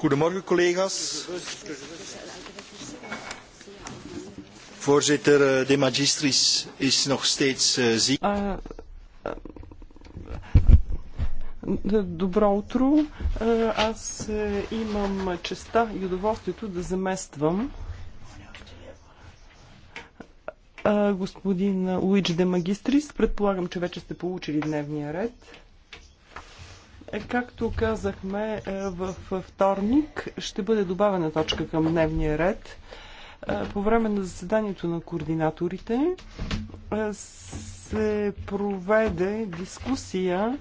goedemorgen collega's. Voorzitter, eh, de magistris is nog steeds eh, ziek. Eh, добро утро. Е, аз е, имам честа и удоволствието да замествам е, господин Луич де Магистрис. Предполагам, че вече сте получили дневния ред. Е, както казахме във е, вторник, ще бъде добавена точка към дневния ред. Е, по време на заседанието на координаторите се проведе дискусия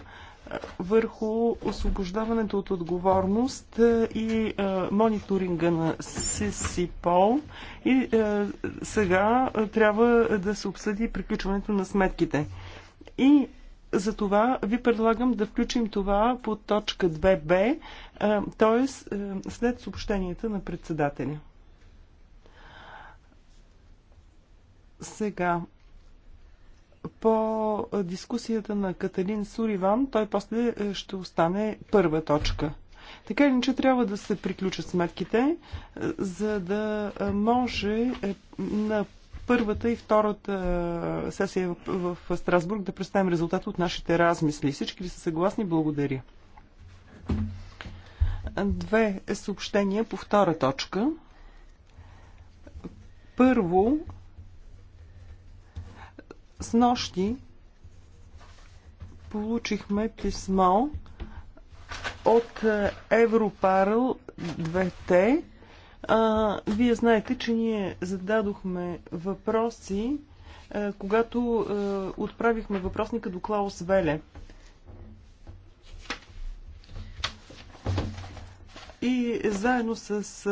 върху освобождаването от отговорност и мониторинга на СИСИПОЛ. И сега трябва да се обсъди приключването на сметките. И затова ви предлагам да включим това по точка 2б, т.е. след съобщенията на председателя. Сега, по дискусията на Каталин Суриван, той после ще остане първа точка. Така или иначе трябва да се приключат сметките, за да може на първата и втората сесия в, в Страсбург да представим резултата от нашите размисли. Всички ли са съгласни? Благодаря. Две съобщения по втора точка. Първо, с нощи получихме писмо от Европарл 2Т а, вие знаете, че ние зададохме въпроси, а, когато а, отправихме въпросника до Клаус Веле. И заедно с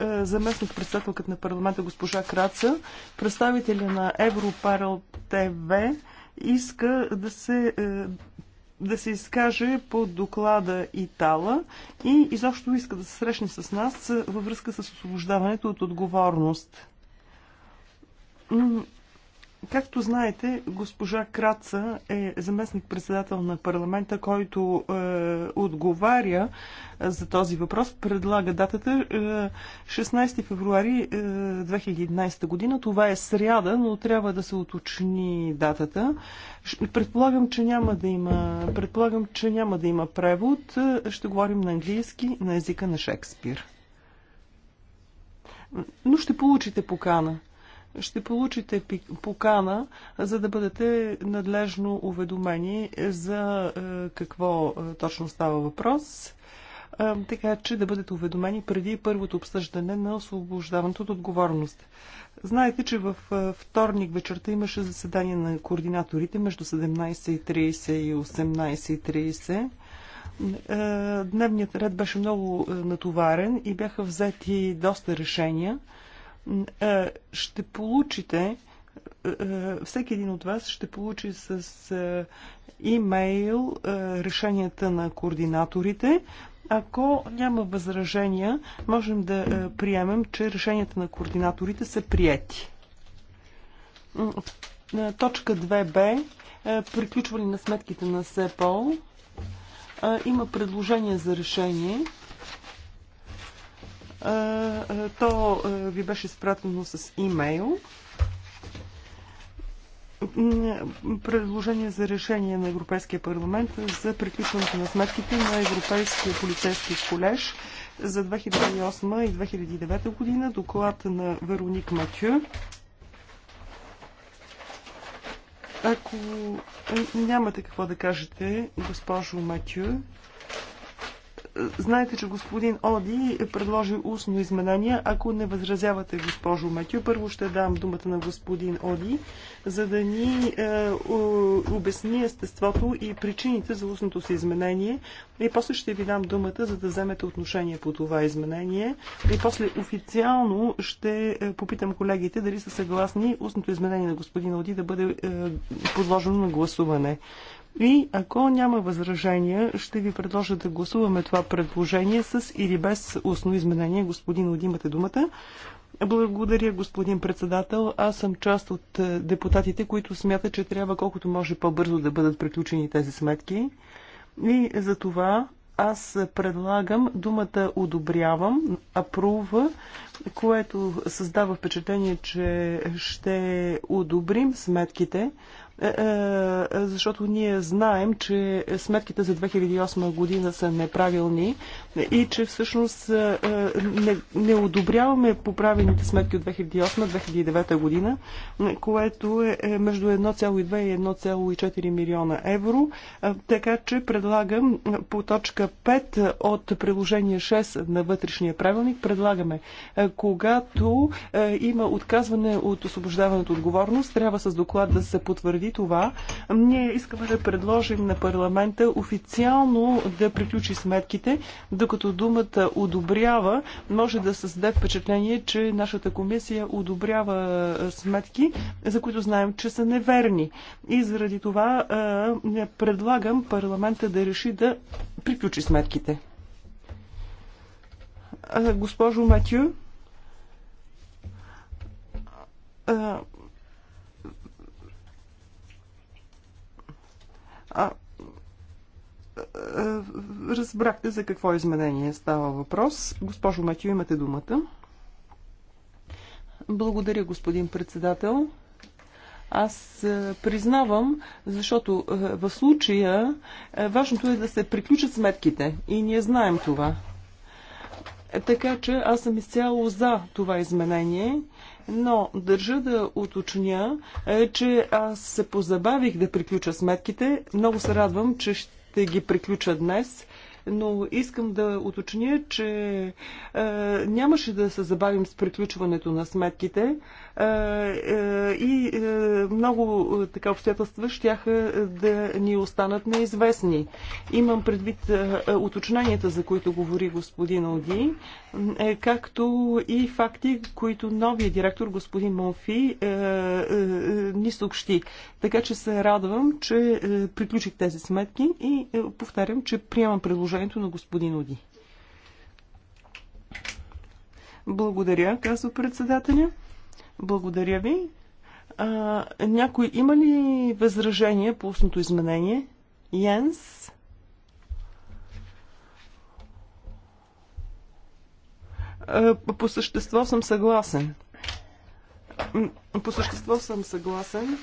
а, заместник председателката на парламента госпожа Краца, представителя на Европарал ТВ, иска да се да се изкаже по доклада Итала и изобщо иска да се срещне с нас във връзка с освобождаването от отговорност. Както знаете, госпожа Краца е заместник-председател на парламента, който е, отговаря е, за този въпрос. Предлага датата е, 16 февруари е, 2011 година. Това е сряда, но трябва да се уточни датата. Предполагам, че няма да има, предполагам, че няма да има превод. Е, ще говорим на английски, на езика на Шекспир. Но ще получите покана ще получите покана, за да бъдете надлежно уведомени за е, какво е, точно става въпрос, е, така че да бъдете уведомени преди първото обсъждане на освобождаването от отговорност. Знаете, че във вторник вечерта имаше заседание на координаторите между 17.30 и 18.30. Дневният ред беше много натоварен и бяха взети доста решения. Е, ще получите е, е, всеки един от вас ще получи с имейл решенията на координаторите. Ако няма възражения, можем да приемем, че решенията на координаторите са приети. Точка 2б приключване на сметките на СЕПОЛ. Има предложение за решение. То ви беше изпратено с имейл. Предложение за решение на Европейския парламент за приключването на сметките на Европейския полицейски колеж за 2008 и 2009 година. Доклад на Вероник Матю. Ако е, нямате какво да кажете, госпожо Матю, Знаете, че господин Оди е предложи устно изменение. Ако не възразявате, госпожо Метю, първо ще дам думата на господин Оди, за да ни е, обясни естеството и причините за устното си изменение. И после ще ви дам думата, за да вземете отношение по това изменение. И после официално ще е, попитам колегите дали са съгласни устното изменение на господин Оди да бъде е, подложено на гласуване. И ако няма възражения, ще ви предложа да гласуваме това предложение с или без устно изменение. Господин Од, имате думата. Благодаря, господин председател. Аз съм част от е, депутатите, които смятат, че трябва колкото може по-бързо да бъдат приключени тези сметки. И за това аз предлагам думата одобрявам, апрува, което създава впечатление, че ще одобрим сметките. Е, е, защото ние знаем, че сметките за 2008 година са неправилни и че всъщност е, не, не одобряваме поправените сметки от 2008-2009 година, което е между 1,2 и 1,4 милиона евро. Така че предлагам по точка 5 от приложение 6 на вътрешния правилник, предлагаме, когато има отказване от освобождаването отговорност, трябва с доклад да се потвърди това, ние искаме да предложим на парламента официално да приключи сметките, докато думата одобрява, може да създаде впечатление, че нашата комисия одобрява сметки, за които знаем, че са неверни. И заради това предлагам парламента да реши да приключи сметките. Госпожо Матю, А, е, разбрахте за какво изменение става въпрос. Госпожо Матю, имате думата. Благодаря, господин председател. Аз е, признавам, защото е, в случая важното е да се приключат сметките и ние знаем това. Така че аз съм изцяло за това изменение но държа да уточня, е, че аз се позабавих да приключа сметките. Много се радвам, че ще ги приключа днес но искам да уточня, че е, нямаше да се забавим с приключването на сметките е, е, и е, много е, така обстоятелства щяха е, да ни останат неизвестни. Имам предвид е, е, уточненията, за които говори господин Оди, е, както и факти, които новия директор господин Монфи е, е, е, ни съобщи. Така че се радвам, че е, приключих тези сметки и е, повтарям, че приемам предложението изказването на господин Оди. Благодаря, казва председателя. Благодаря ви. А, някой има ли възражение по устното изменение? Йенс? А, по същество съм съгласен. По същество съм съгласен.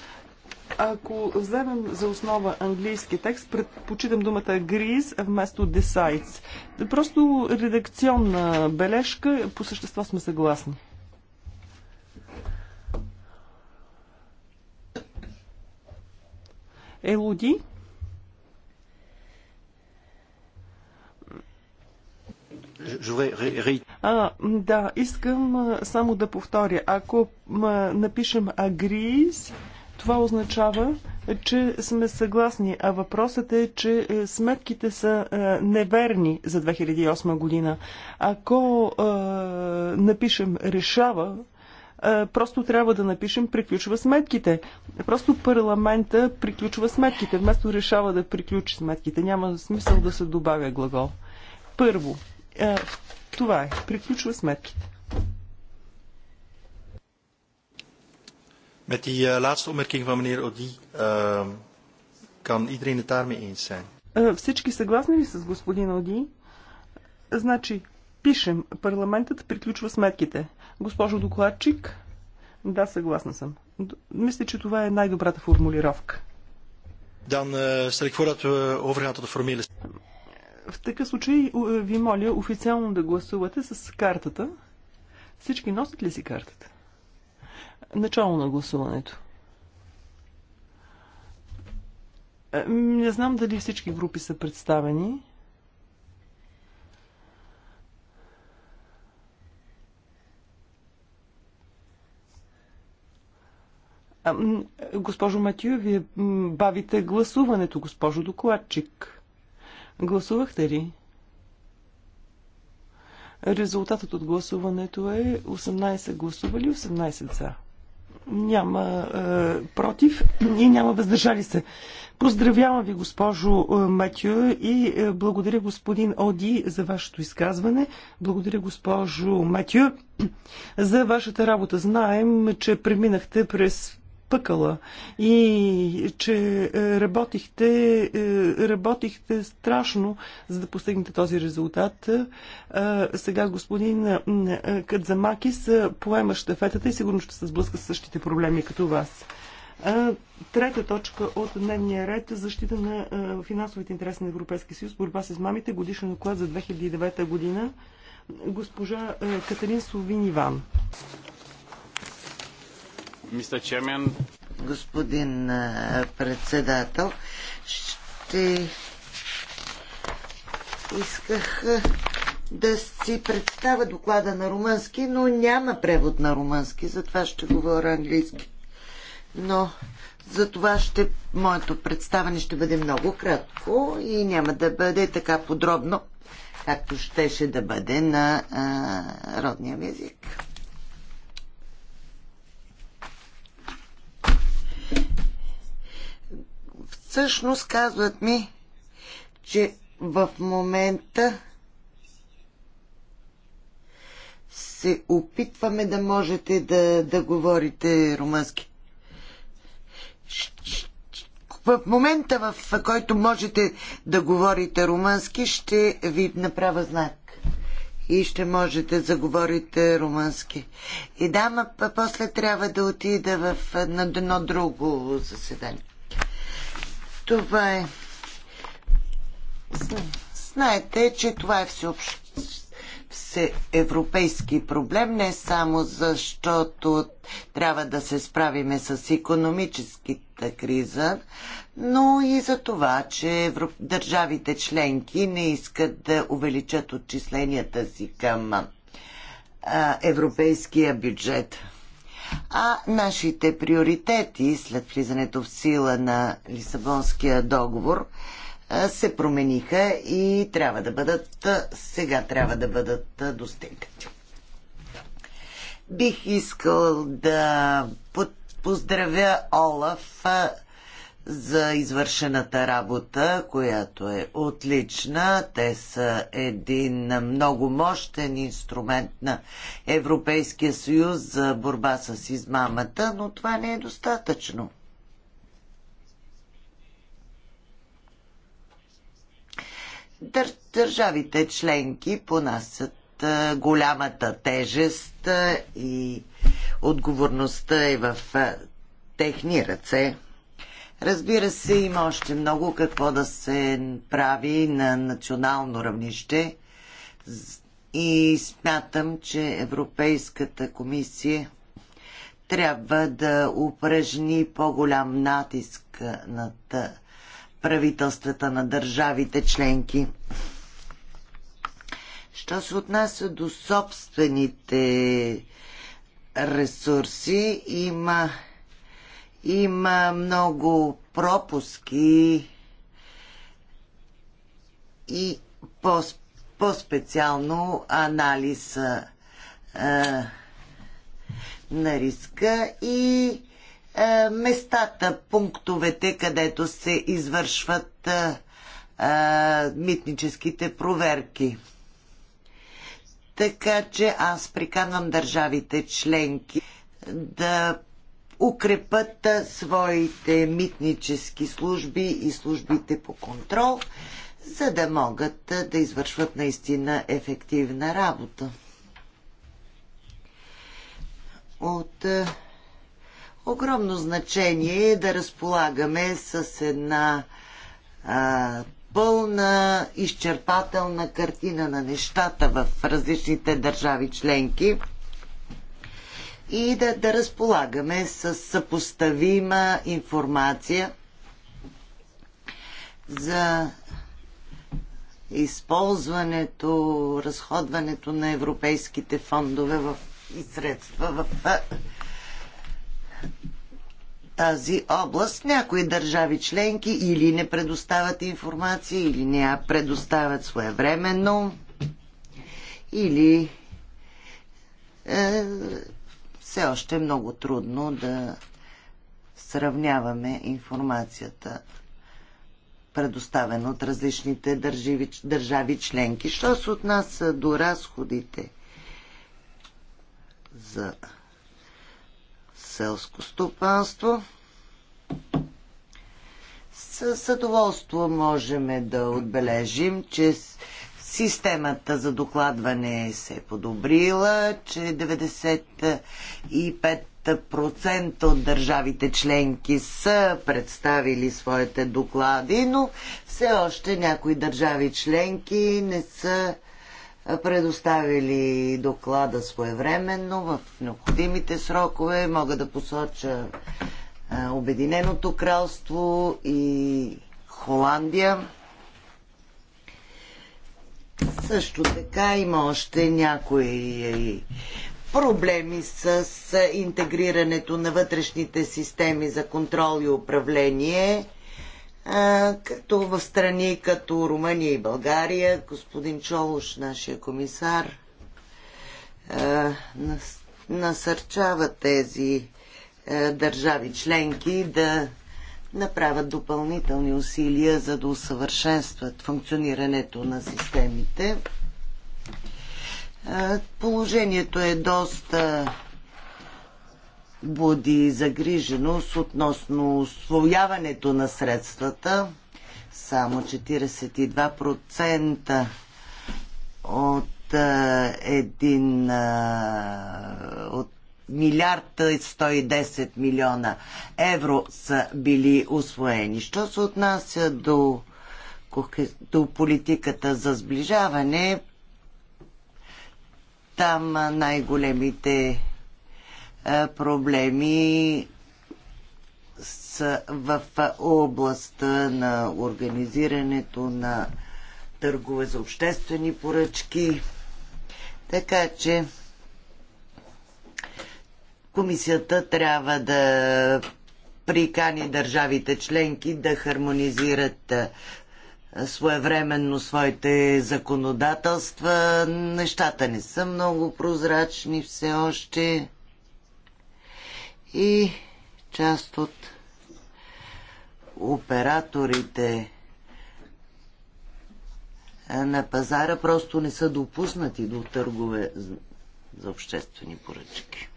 Ако вземем за основа английски текст, предпочитам думата agrees вместо decides. Просто редакционна бележка, по същество сме съгласни. Елоди? А, да, искам само да повторя. Ако напишем agrees, това означава, че сме съгласни, а въпросът е, че е, сметките са е, неверни за 2008 година. Ако е, напишем решава, е, просто трябва да напишем приключва сметките. Просто парламента приключва сметките, вместо решава да приключи сметките. Няма смисъл да се добавя глагол. Първо, е, това е, приключва сметките. Met die eh, laatste opmerking van meneer Оди ehm, kan iedereen het daarmee eens zijn. Eh, всички съгласни ли са с господин Оди? Значи, пишем, парламентът приключва сметките. Госпожо докладчик, да, съгласна съм. Мисля, че това е най-добрата формулировка. Dan uh, stel ik voor dat we overgaan tot de formele. В такъв случай ви моля официално да гласувате с картата. Всички носят ли си картата? Начало на гласуването. Е, не знам дали всички групи са представени. Госпожо Матю, вие бавите гласуването, госпожо докладчик. Гласувахте ли? Резултатът от гласуването е 18 гласували, 18 за няма е, против и няма въздържали се. Поздравявам ви, госпожо е, Матю, и е, благодаря господин Оди за вашето изказване. Благодаря, госпожо Матю, за вашата работа. Знаем, че преминахте през пъкала и че е, работихте, е, работихте страшно, за да постигнете този резултат. Е, сега господин Кадзамакис поема щафетата и сигурно ще се сблъска с същите проблеми като вас. Трета точка от дневния ред защита на финансовите интереси на Европейския съюз, борба с измамите, годишен доклад за 2009 година. Госпожа Катерин Совин Иван. Господин председател, ще исках да си представя доклада на румънски, но няма превод на румънски, затова ще говоря английски. Но за това ще, моето представане ще бъде много кратко и няма да бъде така подробно, както щеше да бъде на а, родния език. всъщност казват ми, че в момента се опитваме да можете да, да говорите румънски. В момента, в който можете да говорите румънски, ще ви направя знак. И ще можете да говорите румънски. И да, ма после трябва да отида в, на едно друго заседание. Това е. Знаете, че това е всеобщ проблем, не само защото трябва да се справиме с економическата криза, но и за това, че Европ... държавите членки не искат да увеличат отчисленията си към а, европейския бюджет а нашите приоритети след влизането в сила на Лисабонския договор се промениха и трябва да бъдат, сега трябва да бъдат достигнати. Бих искал да поздравя Олаф за извършената работа, която е отлична. Те са един много мощен инструмент на Европейския съюз за борба с измамата, но това не е достатъчно. Дър, държавите членки понасят голямата тежест и отговорността е в техни ръце. Разбира се, има още много какво да се прави на национално равнище и смятам, че Европейската комисия трябва да упражни по-голям натиск над правителствата на държавите членки. Що се отнася до собствените ресурси, има има много пропуски и по-специално по анализ а, на риска и а, местата, пунктовете, където се извършват а, а, митническите проверки. Така че аз приканвам държавите членки да укрепат своите митнически служби и службите по контрол, за да могат да извършват наистина ефективна работа. От огромно значение е да разполагаме с една а, пълна, изчерпателна картина на нещата в различните държави членки и да, да разполагаме с съпоставима информация за използването, разходването на европейските фондове в, и средства в тази област. Някои държави членки или не предоставят информация, или не я предоставят своевременно, или е, все още е много трудно да сравняваме информацията, предоставена от различните държави, държави членки. Що се отнася до разходите за селско стопанство, с съдоволство можем да отбележим, че системата за докладване се е подобрила, че 95% от държавите членки са представили своите доклади, но все още някои държави членки не са предоставили доклада своевременно в необходимите срокове. Мога да посоча Обединеното кралство и Холандия. Също така има още някои проблеми с интегрирането на вътрешните системи за контрол и управление, като в страни като Румъния и България, господин Чолош, нашия комисар, насърчава тези държави членки да направят допълнителни усилия за да усъвършенстват функционирането на системите. Положението е доста буди загриженост относно освояването на средствата. Само 42% от един от милиард и 110 милиона евро са били освоени. Що се отнася до, до политиката за сближаване, там най-големите е, проблеми са в областта на организирането на търгове за обществени поръчки. Така че Комисията трябва да прикани държавите членки да хармонизират своевременно своите законодателства. Нещата не са много прозрачни все още. И част от операторите на пазара просто не са допуснати до търгове за обществени поръчки.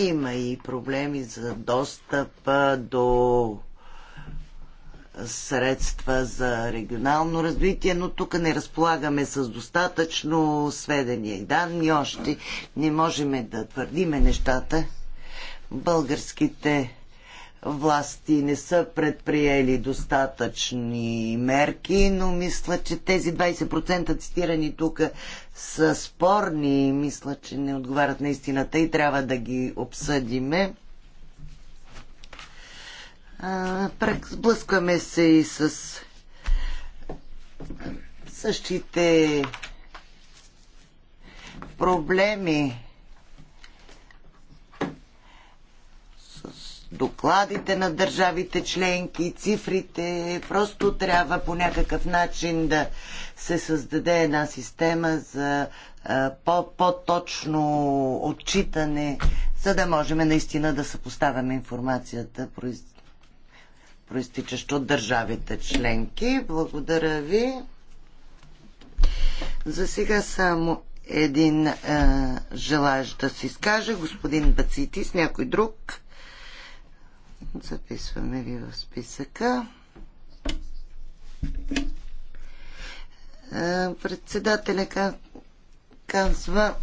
Има и проблеми за достъп до средства за регионално развитие, но тук не разполагаме с достатъчно сведения и данни. Още не можем да твърдиме нещата. Българските власти не са предприели достатъчни мерки, но мисля, че тези 20% цитирани тук са спорни и мисля, че не отговарят на истината и трябва да ги обсъдиме. Сблъскваме се и с същите проблеми докладите на държавите членки, цифрите. Просто трябва по някакъв начин да се създаде една система за по-точно отчитане, за да можем наистина да съпоставяме информацията, проистичаща от държавите членки. Благодаря ви. За сега само един е, желаящ да се изкаже, господин Бацитис, някой друг. Записваме ви в списъка. Председателя казва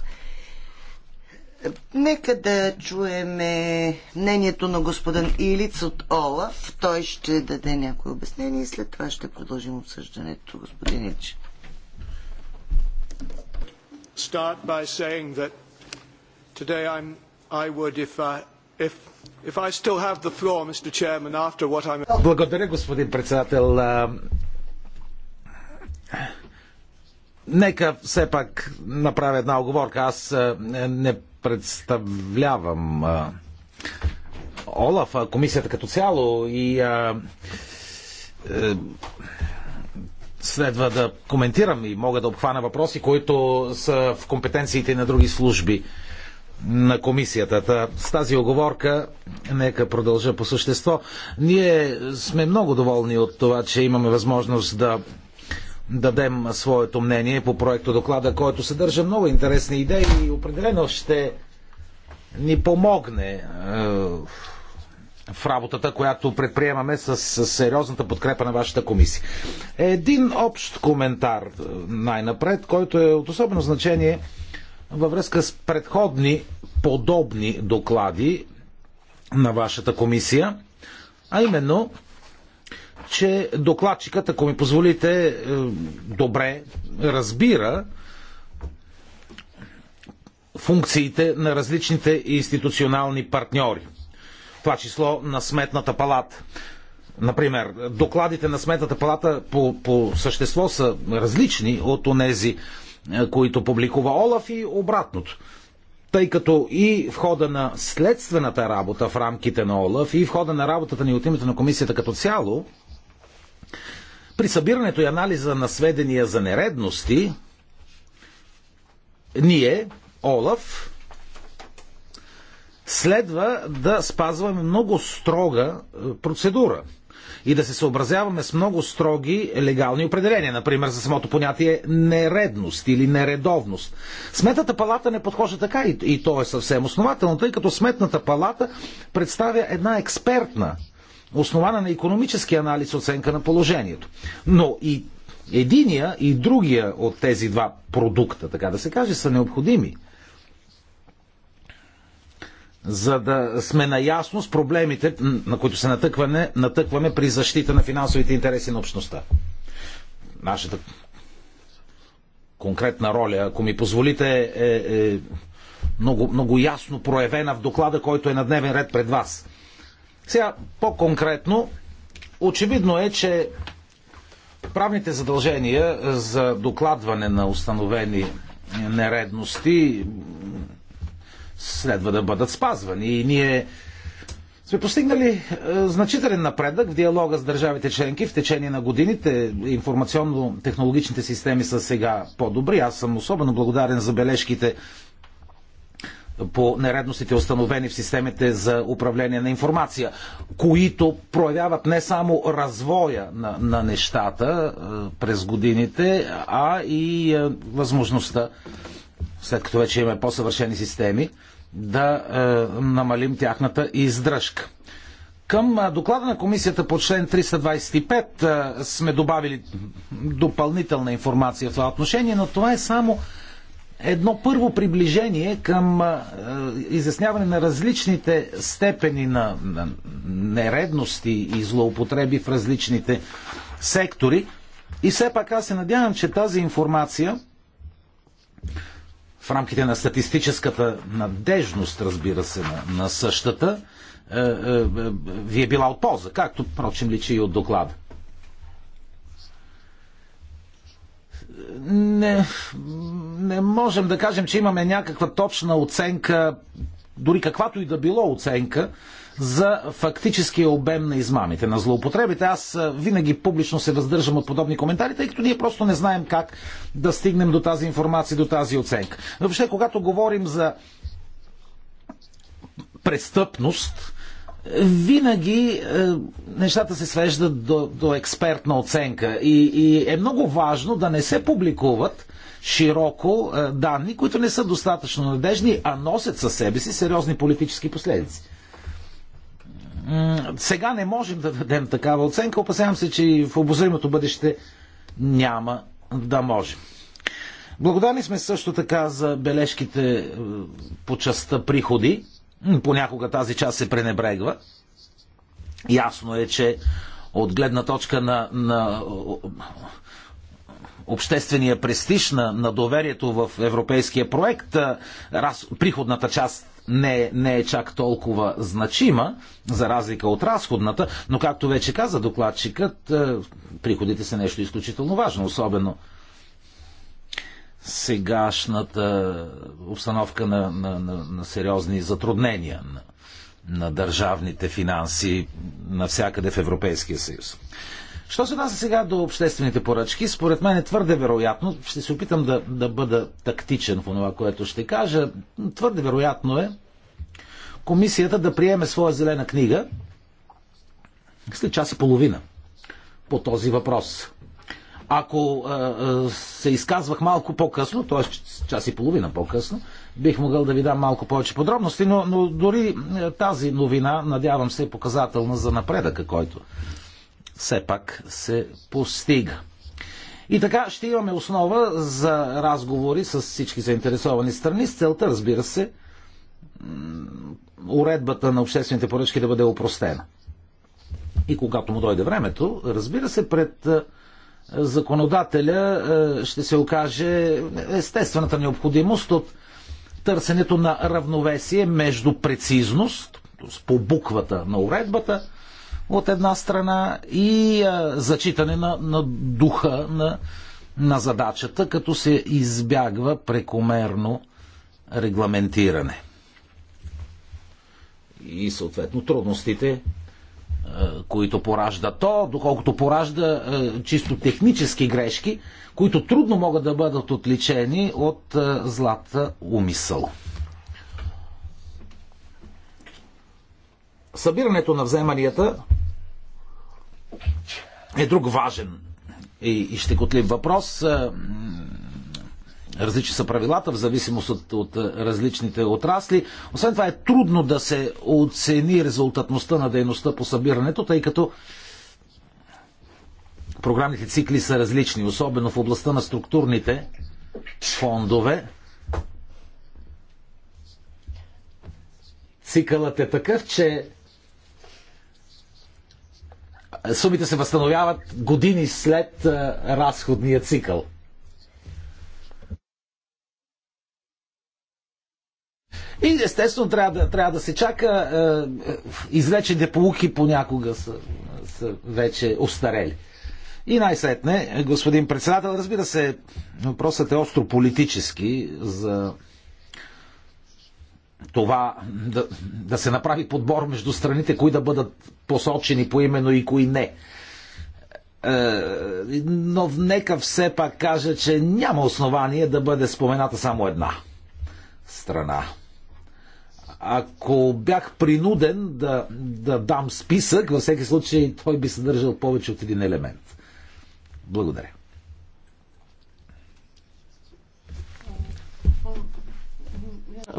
Нека да чуеме мнението на господин Илиц от Олаф. Той ще даде някои обяснение и след това ще продължим обсъждането, господин Илич. Start by saying that today I'm, I would, if I, Floor, Благодаря, господин председател. Нека все пак направя една оговорка. Аз не представлявам Олаф, комисията като цяло и а, е, следва да коментирам и мога да обхвана въпроси, които са в компетенциите на други служби на комисията. Та, с тази оговорка, нека продължа по същество. Ние сме много доволни от това, че имаме възможност да дадем своето мнение по проекто доклада, който съдържа много интересни идеи и определено ще ни помогне е, в работата, която предприемаме с, с сериозната подкрепа на вашата комисия. Един общ коментар е, най-напред, който е от особено значение – във връзка с предходни подобни доклади на вашата комисия, а именно, че докладчикът, ако ми позволите, е, добре разбира функциите на различните институционални партньори. Това число на Сметната палата. Например, докладите на Сметната палата по, по същество са различни от онези е, които публикува Олаф и обратното. Тъй като и в хода на следствената работа в рамките на Олаф и в хода на работата ни от името на комисията като цяло, при събирането и анализа на сведения за нередности, ние, Олаф, следва да спазваме много строга е, процедура – и да се съобразяваме с много строги легални определения, например за самото понятие нередност или нередовност. Сметната палата не подхожда така и, и то е съвсем основателно, тъй като Сметната палата представя една експертна, основана на економически анализ оценка на положението. Но и единия и другия от тези два продукта, така да се каже, са необходими за да сме наясно с проблемите, на които се натъкваме, натъкваме при защита на финансовите интереси на общността. Нашата конкретна роля, ако ми позволите, е, е много, много ясно проявена в доклада, който е на дневен ред пред вас. Сега, по-конкретно, очевидно е, че правните задължения за докладване на установени нередности следва да бъдат спазвани. И ние сме постигнали е, значителен напредък в диалога с държавите членки в течение на годините. Информационно-технологичните системи са сега по-добри. Аз съм особено благодарен за бележките по нередностите, установени в системите за управление на информация, които проявяват не само развоя на, на нещата е, през годините, а и е, възможността след като вече имаме по-съвършени системи, да е, намалим тяхната издръжка. Към е, доклада на комисията по член 325 е, сме добавили допълнителна информация в това отношение, но това е само едно първо приближение към е, е, изясняване на различните степени на, на нередности и злоупотреби в различните сектори. И все пак аз се надявам, че тази информация в рамките на статистическата надежност, разбира се, на, на същата, е, е, е, ви е била от полза, както, впрочем, личи и от доклада. Не, не можем да кажем, че имаме някаква точна оценка, дори каквато и да било оценка, за фактическия обем на измамите, на злоупотребите. Аз винаги публично се въздържам от подобни коментари, тъй като ние просто не знаем как да стигнем до тази информация, до тази оценка. въобще, когато говорим за престъпност, винаги е, нещата се свеждат до, до експертна оценка и, и е много важно да не се публикуват широко е, данни, които не са достатъчно надежни, а носят със себе си сериозни политически последици сега не можем да дадем такава оценка. Опасявам се, че и в обозримото бъдеще няма да можем. Благодарни сме също така за бележките е, по частта приходи. Понякога тази част се пренебрегва. Ясно е, че от гледна точка на, на обществения престиж на, на доверието в европейския проект, е, раз, приходната част не, не е чак толкова значима, за разлика от разходната, но както вече каза докладчикът, е, приходите са нещо изключително важно, особено сегашната обстановка на, на, на, на сериозни затруднения на, на държавните финанси навсякъде в Европейския съюз. Що се отнася сега до обществените поръчки, според мен е твърде вероятно, ще се опитам да, да бъда тактичен в това, което ще кажа, твърде вероятно е комисията да приеме своя зелена книга след час и половина по този въпрос. Ако е, се изказвах малко по-късно, т.е. час и половина по-късно, бих могъл да ви дам малко повече подробности, но, но дори тази новина, надявам се, е показателна за напредъка, който все пак се постига. И така ще имаме основа за разговори с всички заинтересовани страни с целта, разбира се, уредбата на обществените поръчки да бъде опростена. И когато му дойде времето, разбира се, пред законодателя ще се окаже естествената необходимост от търсенето на равновесие между прецизност, по буквата на уредбата, от една страна и а, зачитане на, на духа на, на задачата, като се избягва прекомерно регламентиране. И съответно трудностите, които поражда то, доколкото поражда чисто технически грешки, които трудно могат да бъдат отличени от злата умисъл. събирането на вземанията е друг важен и щекотлив въпрос. Е, различни са правилата в зависимост от, от различните отрасли. Освен това е трудно да се оцени резултатността на дейността по събирането, тъй като програмните цикли са различни, особено в областта на структурните фондове. Цикълът е такъв, че сумите се възстановяват години след е, разходния цикъл. И естествено трябва да, трябва да се чака. Е, е излечените полуки понякога са, са вече устарели. И най-сетне, е, господин председател, разбира се, въпросът е остро политически за това да, да се направи подбор между страните, кои да бъдат посочени по именно и кои не. Е, но нека все пак кажа, че няма основание да бъде спомената само една страна. Ако бях принуден да, да дам списък, във всеки случай той би съдържал повече от един елемент. Благодаря.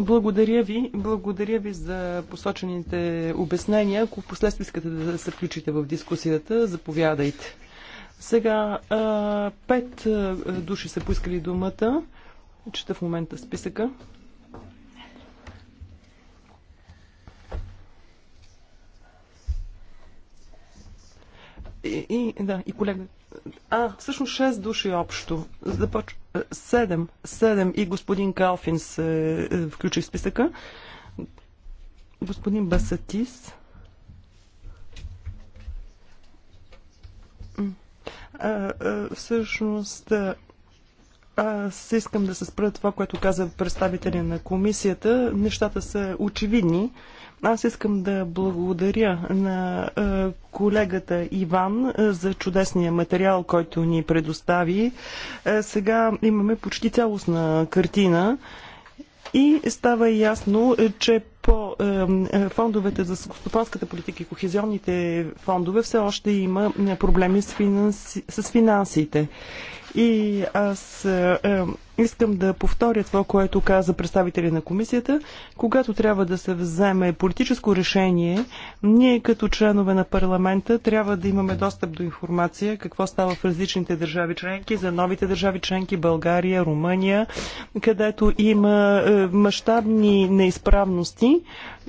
Благодаря ви. Благодаря ви за посочените обяснения. Ако последствие искате да се включите в дискусията, заповядайте. Сега пет души са поискали думата. Чета в момента списъка. и, и, да, и колега. А, всъщност 6 души общо. Започ... 7. Е, 7 и господин Калфин се е, включи в списъка. Господин Басатис. А, а, всъщност, аз искам да се спра това, което каза представителя на комисията. Нещата са очевидни. А, аз искам да благодаря на е, колегата Иван е, за чудесния материал, който ни предостави. Е, сега имаме почти цялостна картина и става ясно, че по фондовете за стопанската политика и кохезионните фондове все още има проблеми с, финанси, с финансите. И аз е, е, искам да повторя това, което каза представители на комисията. Когато трябва да се вземе политическо решение, ние като членове на парламента трябва да имаме достъп до информация какво става в различните държави членки, за новите държави членки България, Румъния, където има е, мащабни неизправности. Е,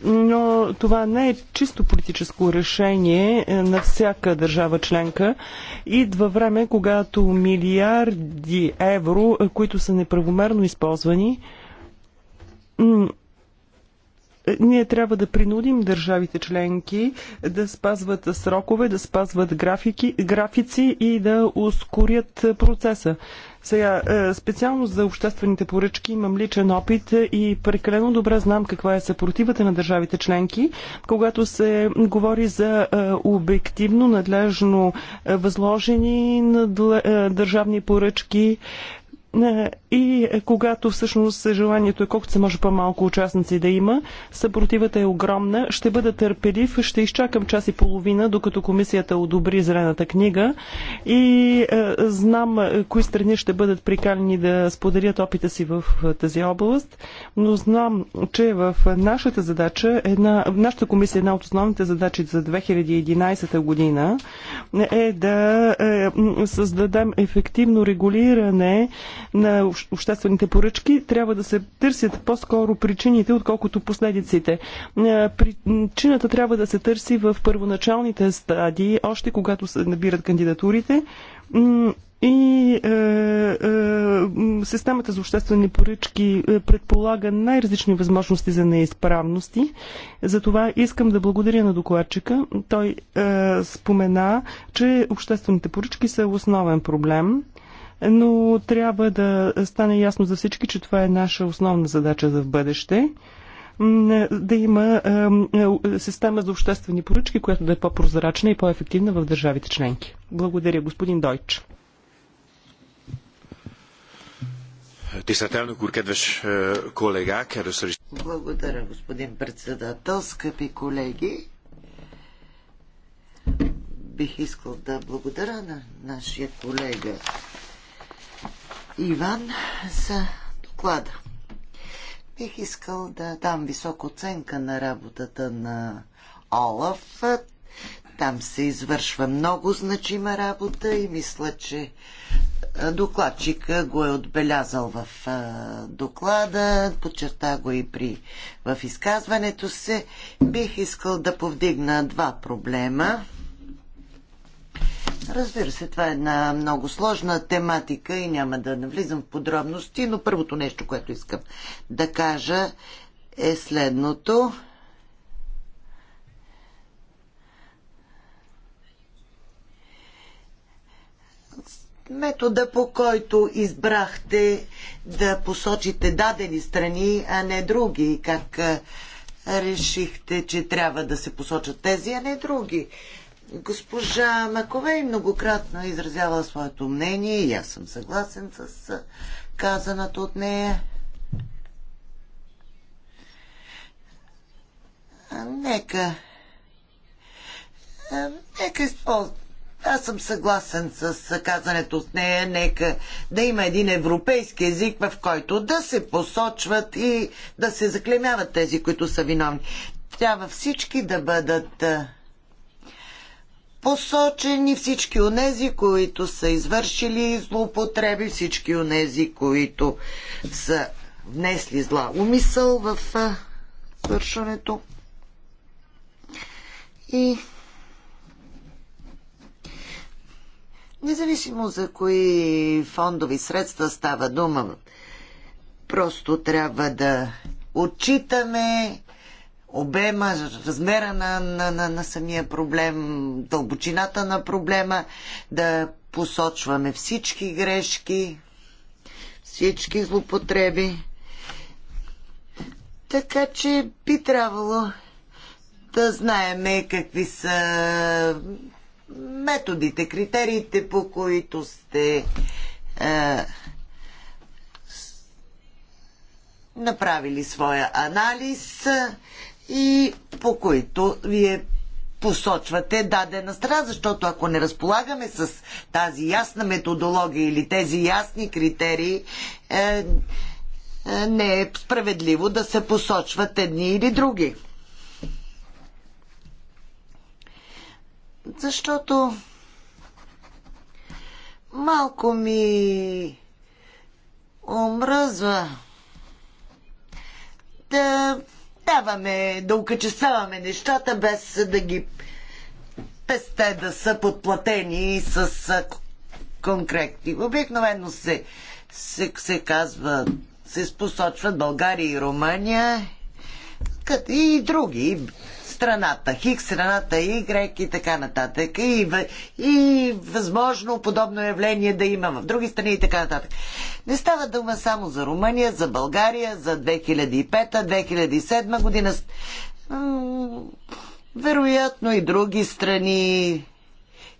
но това не е чисто политическо решение е, на всяка държава членка. Идва време, когато милиарди евро, е, които са неправомерно използвани, е, ние трябва да принудим държавите членки да спазват срокове, да спазват графики, графици и да ускорят процеса. Сега, е, специално за обществените поръчки имам личен опит и прекалено добре знам каква е съпротивата на държавите членки, когато се говори за е, обективно, надлежно е, възложени на държавни поръчки, и когато всъщност желанието е колкото се може по-малко участници да има, съпротивата е огромна. Ще бъда търпелив, ще изчакам час и половина, докато комисията одобри зелената книга и е, знам кои страни ще бъдат прикалени да споделят опита си в тази област, но знам, че в нашата задача, една, нашата комисия, една от основните задачи за 2011 година е да е, създадем ефективно регулиране на обществените поръчки, трябва да се търсят по-скоро причините, отколкото последиците. Е, причината трябва да се търси в първоначалните стадии, още когато се набират кандидатурите и е, е, системата за обществени поръчки е, предполага най-различни възможности за неизправности. Затова искам да благодаря на докладчика. Той е, спомена, че обществените поръчки са основен проблем но трябва да стане ясно за всички, че това е наша основна задача за в бъдеще да има е, система за обществени поръчки, която да е по-прозрачна и по-ефективна в държавите членки. Благодаря, господин Дойч. Е, благодаря, господин председател, скъпи колеги. Бих искал да благодаря на нашия колега Иван за доклада. Бих искал да дам висока оценка на работата на Олаф. Там се извършва много значима работа и мисля, че докладчика го е отбелязал в доклада, подчерта го и при, в изказването се. Бих искал да повдигна два проблема. Разбира се, това е една много сложна тематика и няма да навлизам в подробности, но първото нещо, което искам да кажа е следното. метода по който избрахте да посочите дадени страни, а не други? Как решихте, че трябва да се посочат тези, а не други? Госпожа Маковей многократно е изразява своето мнение и аз съм съгласен с казаното от нея. Нека. Нека използвам. Аз съм съгласен с казането от нея. Нека да има един европейски език, в който да се посочват и да се заклемяват тези, които са виновни. Трябва всички да бъдат посочени всички онези, които са извършили злоупотреби, всички онези, които са внесли зла умисъл в свършването. И независимо за кои фондови средства става дума, просто трябва да отчитаме обема, размера на, на, на, на самия проблем, дълбочината на проблема, да посочваме всички грешки, всички злопотреби. Така че би трябвало да знаеме какви са методите, критериите, по които сте е, направили своя анализ и по които вие посочвате дадена страна, защото ако не разполагаме с тази ясна методология или тези ясни критерии, е, е, не е справедливо да се посочват едни или други. Защото малко ми омръзва да даваме, да окачесаваме нещата, без да ги Песте те да са подплатени с конкретни. Обикновено се, се, се казва, се посочват България и Румъния, и други, страната. Хикс, страната, Y и така нататък. И, и възможно подобно явление да има в други страни и така нататък. Не става дума само за Румъния, за България, за 2005-2007 година. Вероятно и други страни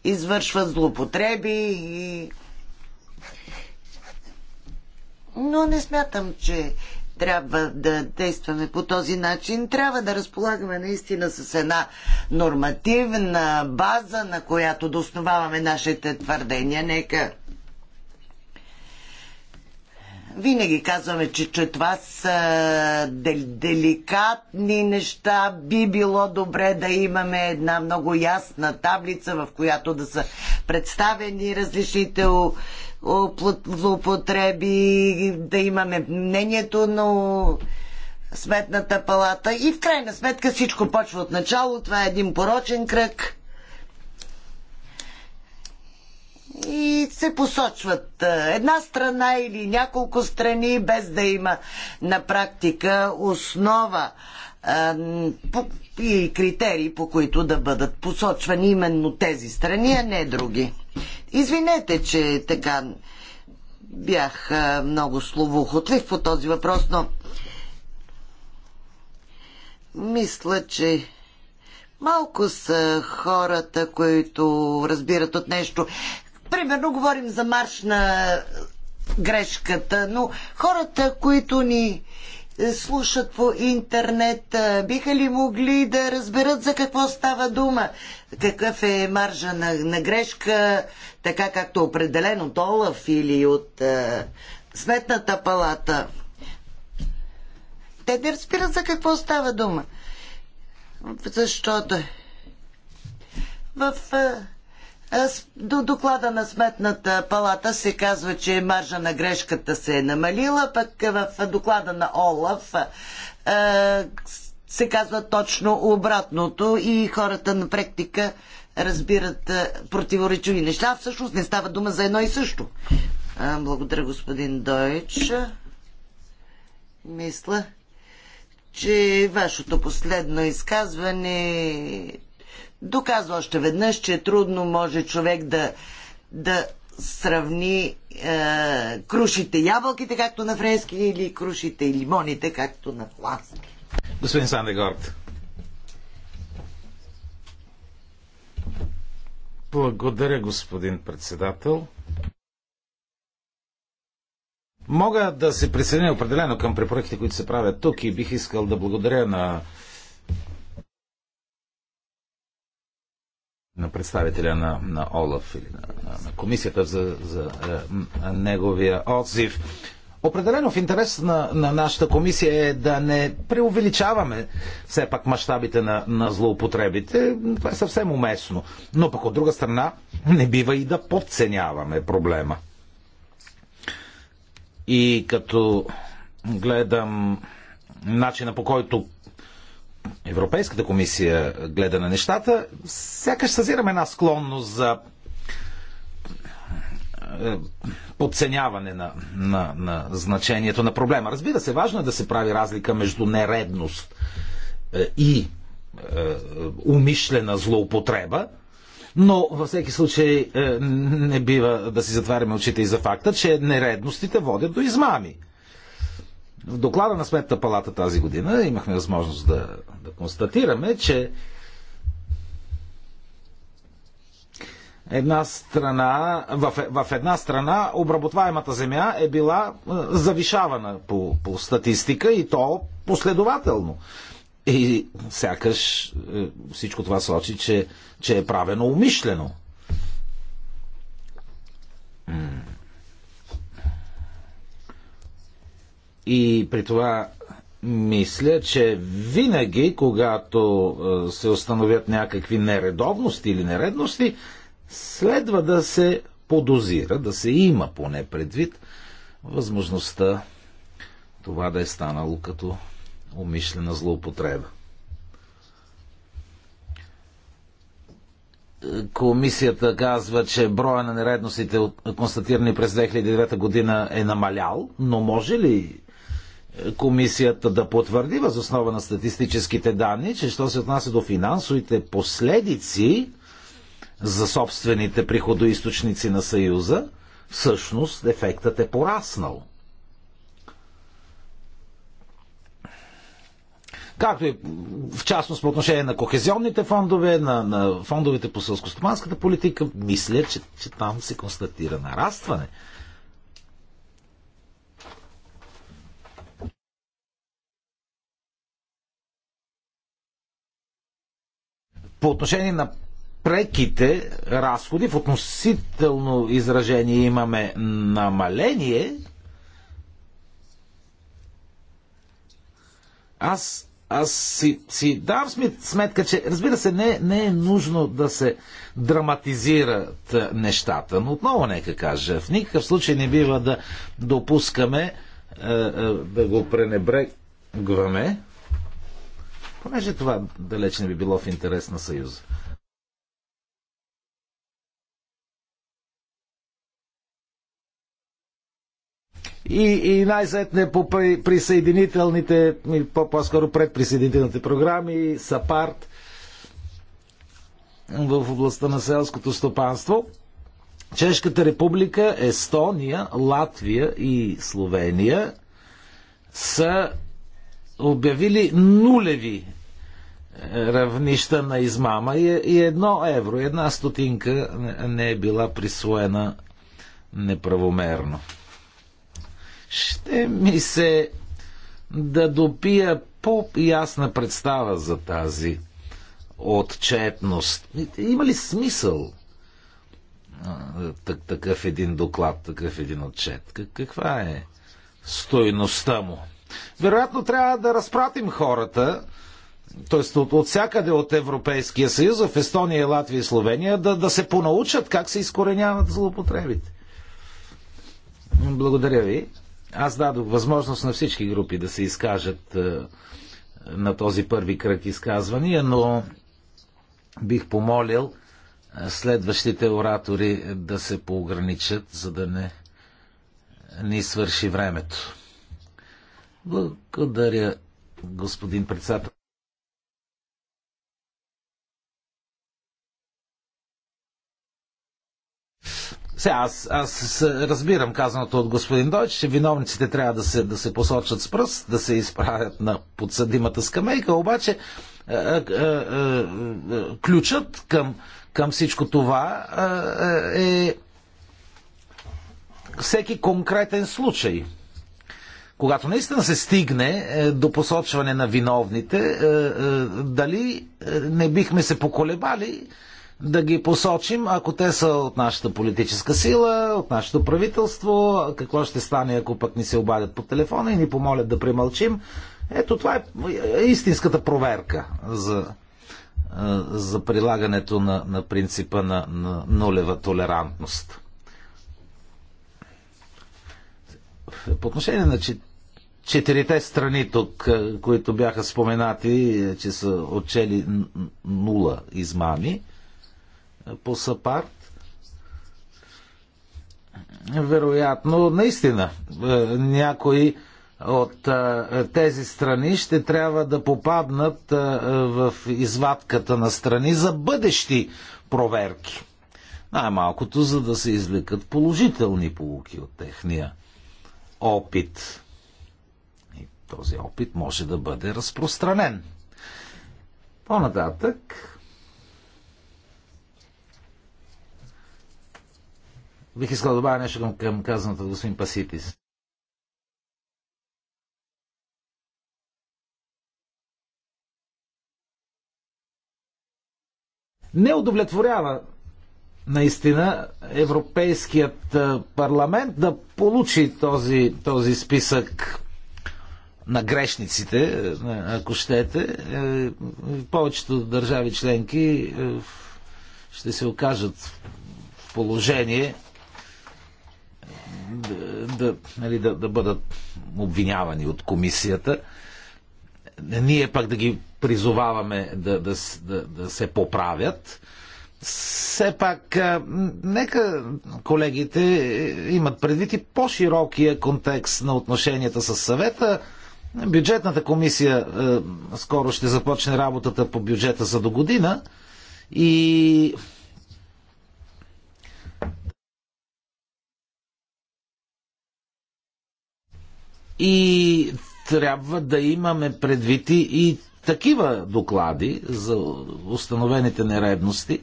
извършват злопотреби и но не смятам, че трябва да действаме по този начин. Трябва да разполагаме наистина с една нормативна база, на която да основаваме нашите твърдения. Нека винаги казваме, че, че това са дел, деликатни неща. Би било добре да имаме една много ясна таблица, в която да са представени различните злоупотреби, да имаме мнението на Сметната палата и в крайна сметка всичко почва от начало. Това е един порочен кръг и се посочват е, една страна или няколко страни, без да има на практика основа е, и критерии, по които да бъдат посочвани именно тези страни, а не други. Извинете, че така бях е, много словохотлив по този въпрос, но мисля, че Малко са хората, които разбират от нещо. Примерно говорим за марш на грешката, но хората, които ни е, слушат по интернет, е, биха ли могли да разберат за какво става дума? Какъв е маржа на, на грешка, така както определен от Олаф или от е, Сметната палата? Те не разбират за какво става дума. Защото в. Е, до доклада на Сметната палата се казва, че маржа на грешката се е намалила, пък в доклада на ОЛАФ се казва точно обратното и хората на практика разбират противоречиви неща. Всъщност не става дума за едно и също. Благодаря, господин Дойч. Мисля, че вашето последно изказване доказва още веднъж, че е трудно може човек да, да сравни е, крушите ябълките, както на френски, или крушите и лимоните, както на холандски. Господин Сандегорд. Благодаря, господин председател. Мога да се присъединя определено към препоръките, които се правят тук и бих искал да благодаря на на представителя на, на Олаф или на, на комисията за, за е, неговия отзив. Определено в интерес на, на нашата комисия е да не преувеличаваме все пак мащабите на, на злоупотребите. Това е съвсем уместно. Но пък от друга страна не бива и да подценяваме проблема. И като гледам начина по който Европейската комисия гледа на нещата, сякаш съзираме една склонност за е, подценяване на, на, на значението на проблема. Разбира се, важно е да се прави разлика между нередност е, и е, умишлена злоупотреба, но във всеки случай не бива да си затваряме очите и за факта, че нередностите водят до измами – в доклада на Сметната палата тази година имахме възможност да, да констатираме, че една страна, в, в една страна обработваемата земя е била е, завишавана по, по статистика и то последователно. И сякаш е, всичко това сочи, че, че е правено умишлено. И при това мисля, че винаги, когато е, се установят някакви нередовности или нередности, следва да се подозира, да се има поне предвид възможността това да е станало като умишлена злоупотреба. Комисията казва, че броя на нередностите, констатирани през 2009 година, е намалял, но може ли комисията да потвърди въз основа на статистическите данни, че що се отнася до финансовите последици за собствените приходоисточници на Съюза, всъщност ефектът е пораснал. Както и в частност по отношение на кохезионните фондове, на, на фондовете по сълскостопанската политика, мисля, че, че там се констатира нарастване по отношение на преките разходи в относително изражение имаме намаление. Аз, аз си, си давам сметка, че разбира се, не, не е нужно да се драматизират нещата, но отново нека кажа, в никакъв случай не бива да допускаме е, е, да го пренебрегваме понеже това далеч не би било в интерес на Съюза. И, и най-сетне по присъединителните, по-скоро предприсъединителните програми, САПАРТ в областта на селското стопанство. Чешката република, Естония, Латвия и Словения са обявили нулеви е, равнища на измама и едно евро, една стотинка не е била присвоена неправомерно. Ще ми се да допия по-ясна представа за тази отчетност. Има ли смисъл такъв един доклад, такъв един отчет? Каква е стойността му? Вероятно трябва да разпратим хората, т.е. От, от всякъде от Европейския съюз, в Естония, Латвия и Словения, да, да се понаучат как се изкореняват злоупотребите. Благодаря ви. Аз дадох възможност на всички групи да се изкажат е, на този първи кръг изказвания, но бих помолил е, следващите оратори да се поограничат, за да не ни свърши времето. Благодаря, господин председател. Сега, аз, аз разбирам казаното от господин Дойч, че виновниците трябва да се, да се посочат с пръст, да се изправят на подсъдимата скамейка, обаче е, е, е, е ключът към, към всичко това е, е всеки конкретен случай – когато наистина се стигне е, до посочване на виновните, е, е, дали не бихме се поколебали да ги посочим, ако те са от нашата политическа сила, от нашето правителство, какво ще стане, ако пък ни се обадят по телефона и ни помолят да премълчим. Ето това е истинската проверка за, за прилагането на, на принципа на, на нулева толерантност. По отношение на четирите страни тук, е, които бяха споменати, е, че са отчели нула измами е, по САПАРТ, вероятно, наистина, някои от тези страни ще трябва да попаднат в извадката на страни за бъдещи проверки. Най-малкото, за да се извлекат положителни полуки от техния опит този опит може да бъде разпространен. По-нататък бих искал да добавя нещо към казаното от господин Паситис. не удовлетворява наистина Европейският парламент да получи този, този списък на грешниците, е, ако щете. Е, повечето държави членки е, ще се окажат в положение да, да, нали, да, да бъдат обвинявани от комисията. Ние пък да ги призоваваме да, да, да, да се поправят. Все пак, нека колегите имат предвид и по-широкия контекст на отношенията с съвета Бюджетната комисия е, скоро ще започне работата по бюджета за до година и и трябва да имаме предвид и такива доклади за установените нередности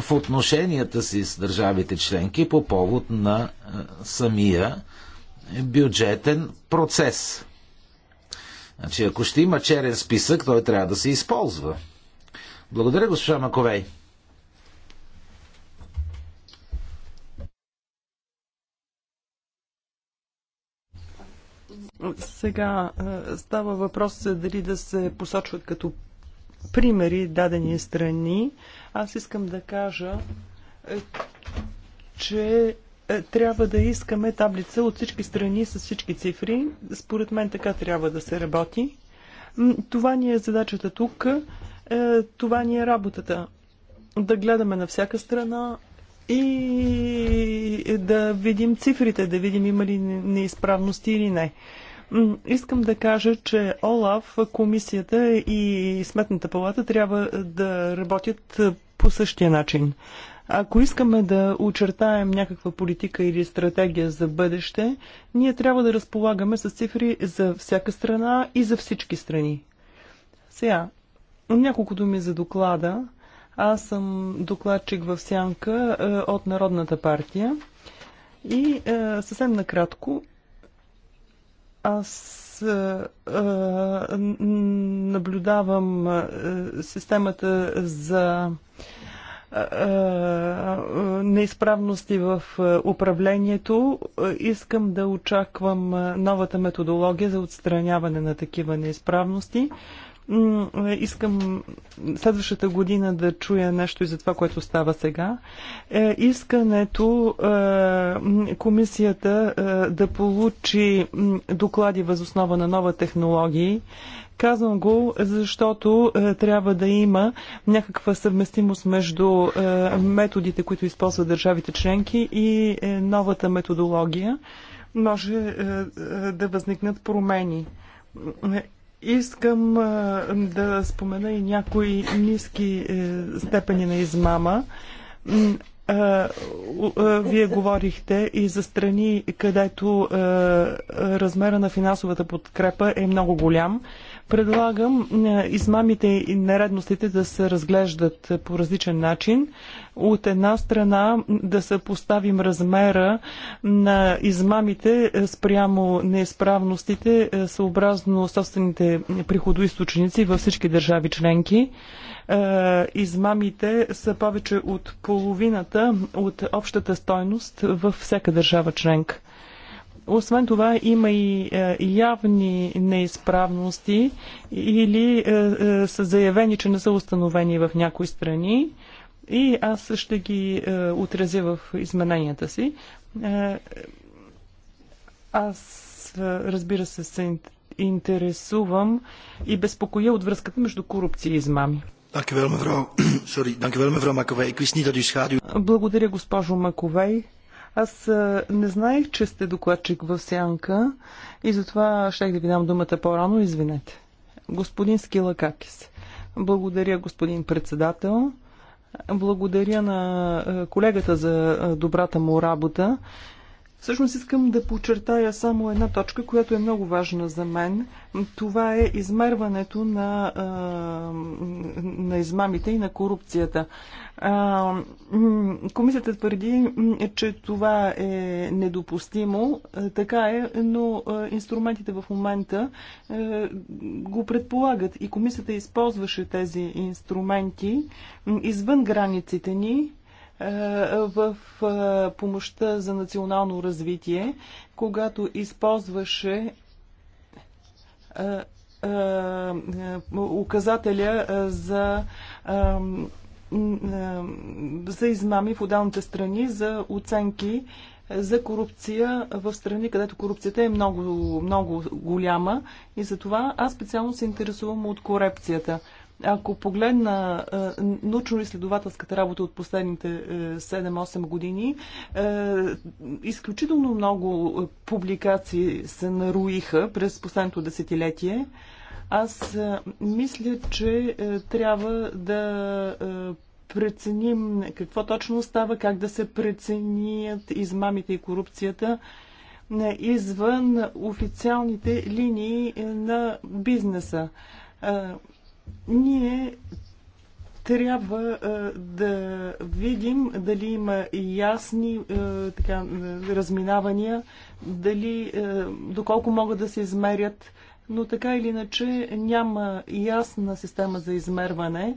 в отношенията си с държавите членки по повод на е, самия бюджетен процес. Значи, ако ще има черен списък, той трябва да се използва. Благодаря, госпожа Маковей. Сега е, става въпрос дали да се посочват като примери дадени страни. Аз искам да кажа, е, че е, трябва да искаме таблица от всички страни с всички цифри. Според мен така трябва да се работи. Това ни е задачата тук. Е, това ни е работата. Да гледаме на всяка страна и да видим цифрите, да видим има ли неизправности или не. Искам да кажа, че ОЛАФ, комисията и Сметната палата трябва да работят по същия начин. Ако искаме да очертаем някаква политика или стратегия за бъдеще, ние трябва да разполагаме с цифри за всяка страна и за всички страни. Сега, няколко думи за доклада. Аз съм докладчик в Сянка е, от Народната партия. И е, съвсем накратко, аз е, е, наблюдавам е, системата за неизправности в управлението. Искам да очаквам новата методология за отстраняване на такива неизправности. Е, искам следващата година да чуя нещо и за това, което става сега. Е, искането е, комисията да получи доклади възоснова на нова технологии Казвам го, защото е, трябва да има някаква съвместимост между е, методите, които използват държавите членки и е, новата методология. Може е, е, да възникнат промени. Искам да спомена и някои ниски е, степени на измама. Вие говорихте и за страни, където размера на финансовата подкрепа е много голям. Предлагам е, измамите и нередностите да се разглеждат е, по различен начин. От една страна да се поставим размера на измамите е, спрямо неизправностите съобразно собствените приходоисточници във всички държави членки. Измамите са повече от половината от общата стойност във всяка държава членка. Освен това има и е, явни неизправности или е, е, са заявени, че не са установени в някои страни и аз ще ги отразя в измененията си. Аз разбира се се интересувам и безпокоя от връзката между корупция и измами. Благодаря, госпожо Маковей. Аз не знаех, че сте докладчик в Сянка и затова щех да ви дам думата по-рано. Извинете. Господин Скилакакис. Благодаря, господин председател. Благодаря на колегата за добрата му работа. Всъщност искам да подчертая само една точка, която е много важна за мен. Това е измерването на, на измамите и на корупцията. Комисията твърди, че това е недопустимо. Така е, но инструментите в момента го предполагат. И комисията използваше тези инструменти извън границите ни е, в е, помощта за национално развитие, когато използваше е, указателя за за измами в отдалните страни, за оценки за корупция в страни, където корупцията е много, много голяма и затова аз специално се интересувам от корупцията. Ако погледна е, научно-изследователската работа от последните 7-8 е, години, е, изключително много публикации се наруиха през последното десетилетие. Аз мисля, че трябва да преценим какво точно става, как да се преценят измамите и корупцията извън официалните линии на бизнеса. Ние трябва да видим дали има ясни така, разминавания, дали доколко могат да се измерят, но така или иначе няма ясна система за измерване,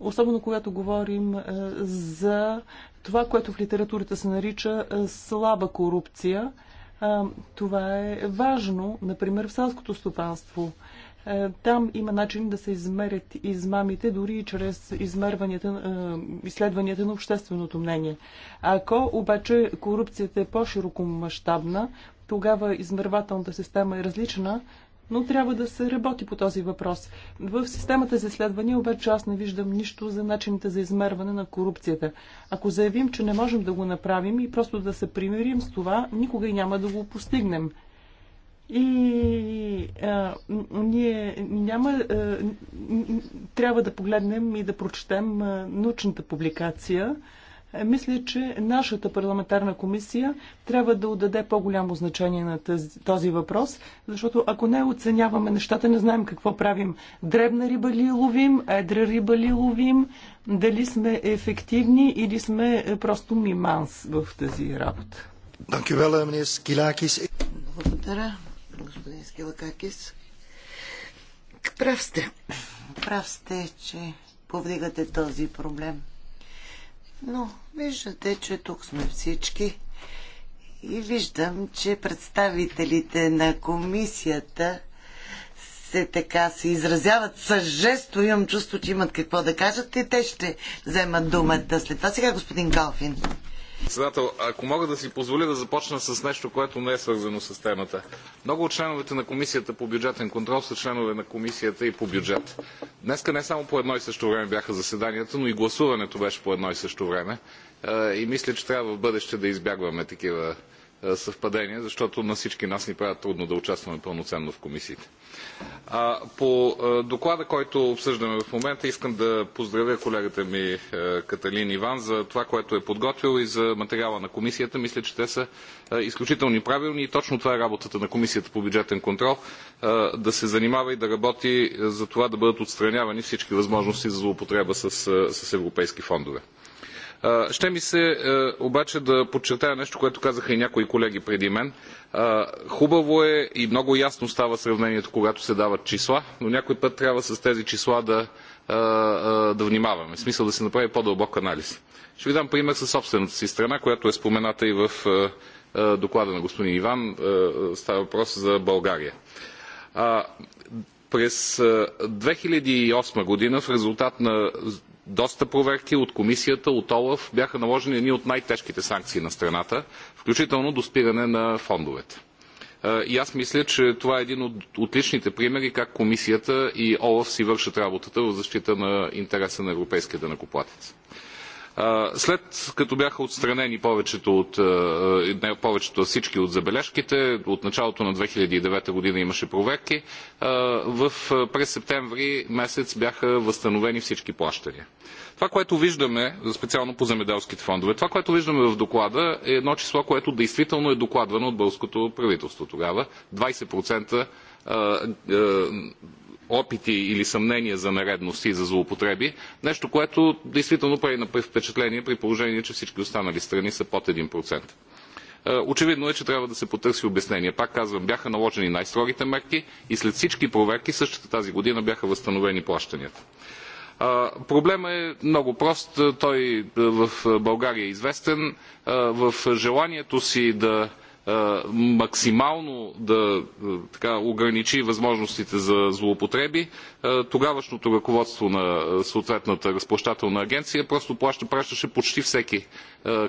особено когато говорим за това, което в литературата се нарича слаба корупция. Това е важно, например, в селското стопанство – е, там има начин да се измерят измамите, дори и чрез измерванията, е, изследванията на общественото мнение. Ако обаче корупцията е по-широко мащабна, тогава измервателната система е различна, но трябва да се работи по този въпрос. В системата за изследвания обаче аз не виждам нищо за начините за измерване на корупцията. Ако заявим, че не можем да го направим и просто да се примирим с това, никога и няма да го постигнем. И а, ние няма. А, трябва да погледнем и да прочетем а, научната публикация. Е, мисля, че нашата парламентарна комисия трябва да отдаде по-голямо значение на тази, този въпрос, защото ако не оценяваме нещата, не знаем какво правим. Дребна риба ли ловим, едра риба ли ловим, дали сме ефективни или сме е, просто миманс в тази работа. Благодаря господин Скилакакис. Прав сте. Прав сте, че повдигате този проблем. Но виждате, че тук сме всички и виждам, че представителите на комисията се така се изразяват с жесто. Имам чувство, че имат какво да кажат и те ще вземат думата след това. Сега господин Калфин. Председател, ако мога да си позволя да започна с нещо, което не е свързано с темата. Много от членовете на Комисията по бюджетен контрол са членове на Комисията и по бюджет. Днеска не само по едно и също време бяха заседанията, но и гласуването беше по едно и също време. Е, и мисля, че трябва в бъдеще да избягваме такива е, съвпадение, защото на всички нас ни правят трудно да участваме пълноценно в комисиите. По е, доклада, който обсъждаме в момента, искам да поздравя колегата ми е, Каталин Иван за това, което е подготвил и за материала на комисията. Мисля, че те са изключително правилни и точно това е работата на комисията по бюджетен контрол да се занимава и да работи за това да бъдат отстранявани всички възможности за злоупотреба с, с европейски фондове. Ще ми се е, обаче да подчертая нещо, което казаха и някои колеги преди мен. Хубаво е и много ясно става сравнението, когато се дават числа, но някой път трябва с тези числа да, е, е, да внимаваме. В смисъл да се направи по-дълбок анализ. Ще ви дам пример със собствената си страна, която е спомената и в доклада на господин Иван. Става въпрос за България. През 2008 година в резултат на доста проверки от комисията, от ОЛАФ бяха наложени едни от най-тежките санкции на страната, включително до спиране на фондовете. И аз мисля, че това е един от отличните примери как комисията и ОЛАФ си вършат работата в защита на интереса на европейския данъкоплатец. След като бяха отстранени повечето от, не, повечето всички от забележките, от началото на 2009 година имаше проверки, в, през септември месец бяха възстановени всички плащания. Това, което виждаме, специално по земеделските фондове, това, което виждаме в доклада е едно число, което действително е докладвано от българското правителство тогава. 20% опити или съмнения за нередности и за злоупотреби. Нещо, което действително прави на впечатление при положение, че всички останали страни са под 1%. Е, очевидно е, че трябва да се потърси обяснение. Пак казвам, бяха наложени най-строгите мерки и след всички проверки същата тази година бяха възстановени плащанията. Е, проблема е много прост. Той е, в България е известен. В желанието си да максимално да така, ограничи възможностите за злоупотреби, тогавашното ръководство на съответната разплащателна агенция просто плаща, пращаше почти всеки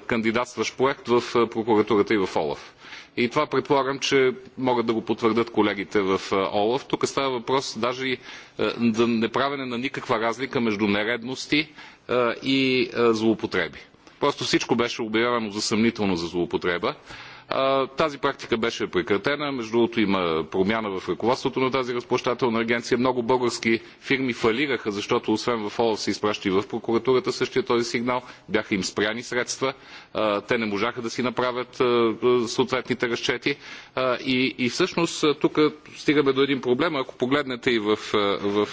кандидатстващ проект в прокуратурата и в ОЛАФ. И това предполагам, че могат да го потвърдят колегите в ОЛАФ. Тук става въпрос даже и да не правене на никаква разлика между нередности и злоупотреби. Просто всичко беше обявявано за съмнително за злоупотреба. Тази практика беше прекратена. Между другото има промяна в ръководството на тази разплащателна агенция. Много български фирми фалираха, защото освен в ОЛАФ се изпраща и в прокуратурата същия този сигнал. Бяха им спряни средства. Те не можаха да си направят съответните разчети. И, и всъщност тук стигаме до един проблем. Ако погледнете и в, в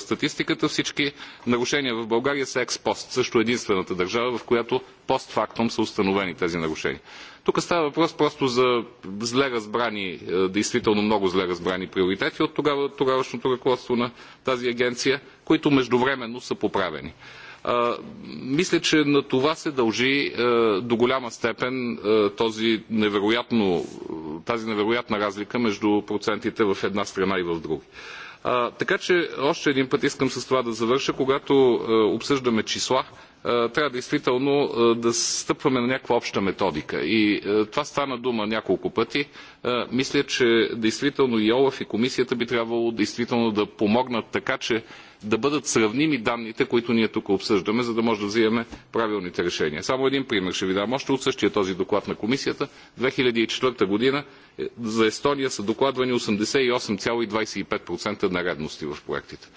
статистиката, всички нарушения в България са експост. Също единствената държава, в която постфактум са установени тези нарушения. Тук става въпрос просто за зле разбрани, е, действително много зле разбрани приоритети от тогава, тогавашното ръководство на тази агенция, които междувременно са поправени. А, мисля, че на това се дължи а, е, до голяма степен а, е, този невероятно, тази невероятна разлика между процентите в една страна и в А, така че още един път искам с това да завърша, когато обсъждаме числа, е, трябва действително е, да стъпваме на някаква обща методика. И е, това стана дума няколко пъти мисля, че действително и ОЛАФ и комисията би трябвало действително да помогнат така, че да бъдат сравними данните, които ние тук обсъждаме, за да може да взимаме правилните решения. Само един пример ще ви дам. Още от същия този доклад на комисията, 2004 година е, за Естония са докладвани 88,25% наредности в проектите.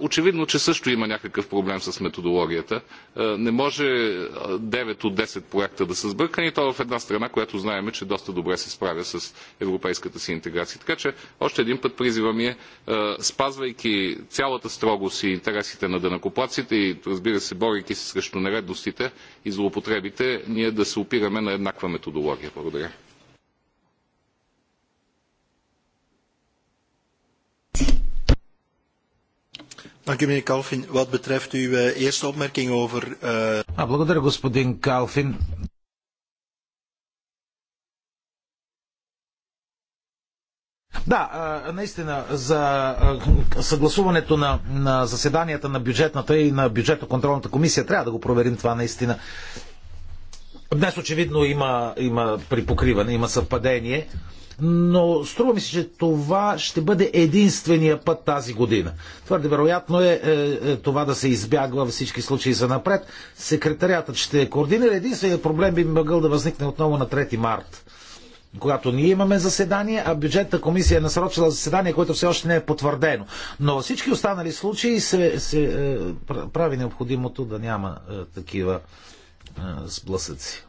Очевидно, че също има някакъв проблем с методологията. Не може 9 от 10 проекта да са сбъркани, то е в една страна, която знаем, че доста добре се справя с европейската си интеграция. Така че, още един път призива ми е, спазвайки цялата строгост и интересите на дънакоплаците и разбира се, борейки се срещу нередностите и злоупотребите, ние да се опираме на еднаква методология. Благодаря. Eh, eh, ah, благодаря, господин Калфин. Да, наистина, за съгласуването на, на заседанията на бюджетната и на бюджетно-контролната комисия трябва да го проверим това наистина. Днес очевидно има, има припокриване, има съвпадение, но струва ми се, че това ще бъде единствения път тази година. Твърде вероятно е, е, е това да се избягва във всички случаи за напред. Секретариатът ще координира. Единственият проблем би могъл да възникне отново на 3 март когато ние имаме заседание, а бюджетната комисия е насрочила заседание, което все още не е потвърдено. Но във всички останали случаи се, се е, прави необходимото да няма е, такива е, сблъсъци.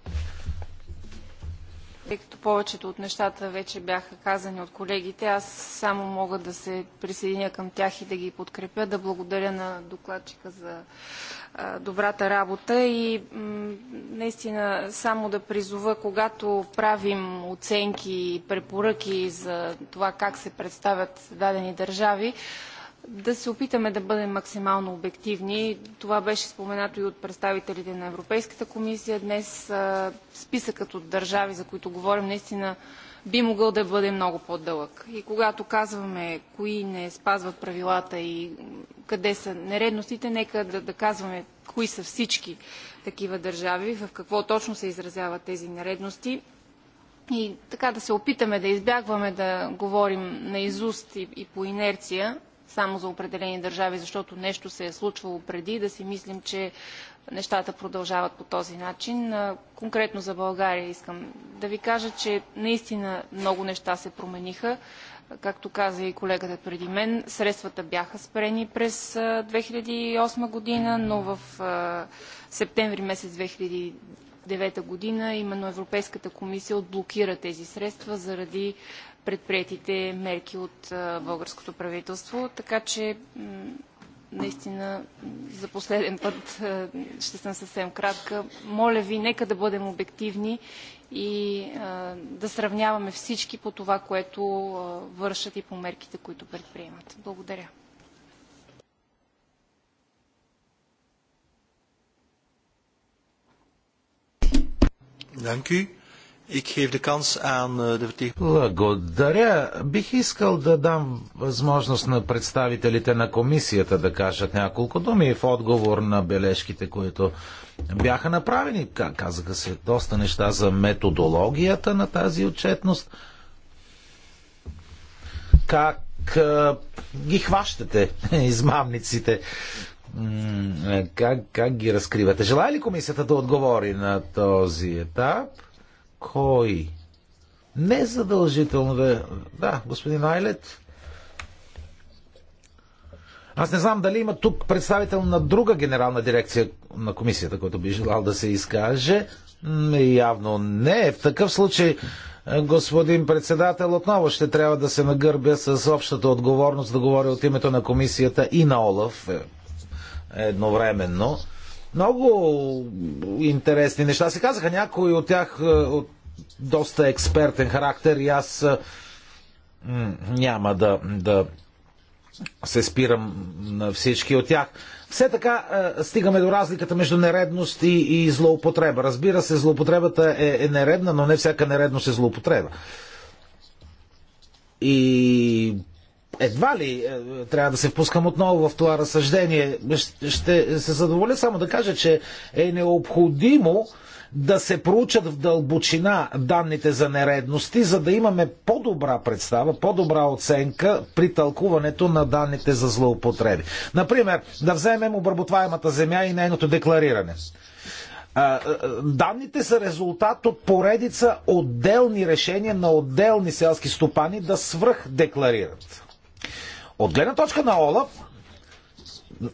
Тъй като повечето от нещата вече бяха казани от колегите, аз само мога да се присъединя към тях и да ги подкрепя, да благодаря на докладчика за добрата работа и наистина само да призова, когато правим оценки и препоръки за това как се представят дадени държави, да се опитаме да бъдем максимално обективни. Това беше споменато и от представителите на Европейската комисия. Днес списъкът от държави, за които говорим, наистина би могъл да бъде много по-дълъг. И когато казваме кои не спазват правилата и къде са нередностите, нека да, да казваме кои са всички такива държави, в какво точно се изразяват тези нередности. И така да се опитаме да избягваме да говорим наизуст и, и по инерция, само за определени държави, защото нещо се е случвало преди, да си мислим, че нещата продължават по този начин. Конкретно за България искам да ви кажа, че наистина много неща се промениха. Както каза и колегата преди мен, средствата бяха спрени през 2008 година, но в септември месец 2009 година именно Европейската комисия отблокира тези средства заради предприетите мерки от българското правителство. Така че наистина за последен път е, ще съм съвсем кратка. Моля ви, нека да бъдем обективни и а, е, да сравняваме всички по това, което а, е, вършат и по мерките, които предприемат. Благодаря. Danke. Eh, Благодаря. Бих искал да дам възможност на представителите на комисията да кажат няколко думи в отговор на бележките, които бяха направени. Казаха се доста неща за методологията на тази отчетност. Как е, ги хващате, измамниците? Е, как, как ги разкривате? Желая ли комисията да отговори на този етап? кой. Не задължително да... Е. Да, господин Айлет. Аз не знам дали има тук представител на друга генерална дирекция на комисията, който би желал да се изкаже. Явно не. В такъв случай, е, господин председател, отново ще трябва да се нагърбя с общата отговорност да говоря от името на комисията и на Олаф е, едновременно много интересни неща се казаха. Някои от тях от доста експертен характер и аз няма да, да се спирам на всички от тях. Все така стигаме до разликата между нередност и, и злоупотреба. Разбира се, злоупотребата е, е нередна, но не всяка нередност е злоупотреба. И едва ли е, трябва да се впускам отново в това разсъждение. Ще, ще се задоволя само да кажа, че е необходимо да се проучат в дълбочина данните за нередности, за да имаме по-добра представа, по-добра оценка при тълкуването на данните за злоупотреби. Например, да вземем обработваемата земя и нейното деклариране. Данните са резултат от поредица отделни решения на отделни селски стопани да свръхдекларират. От гледна точка на Олаф,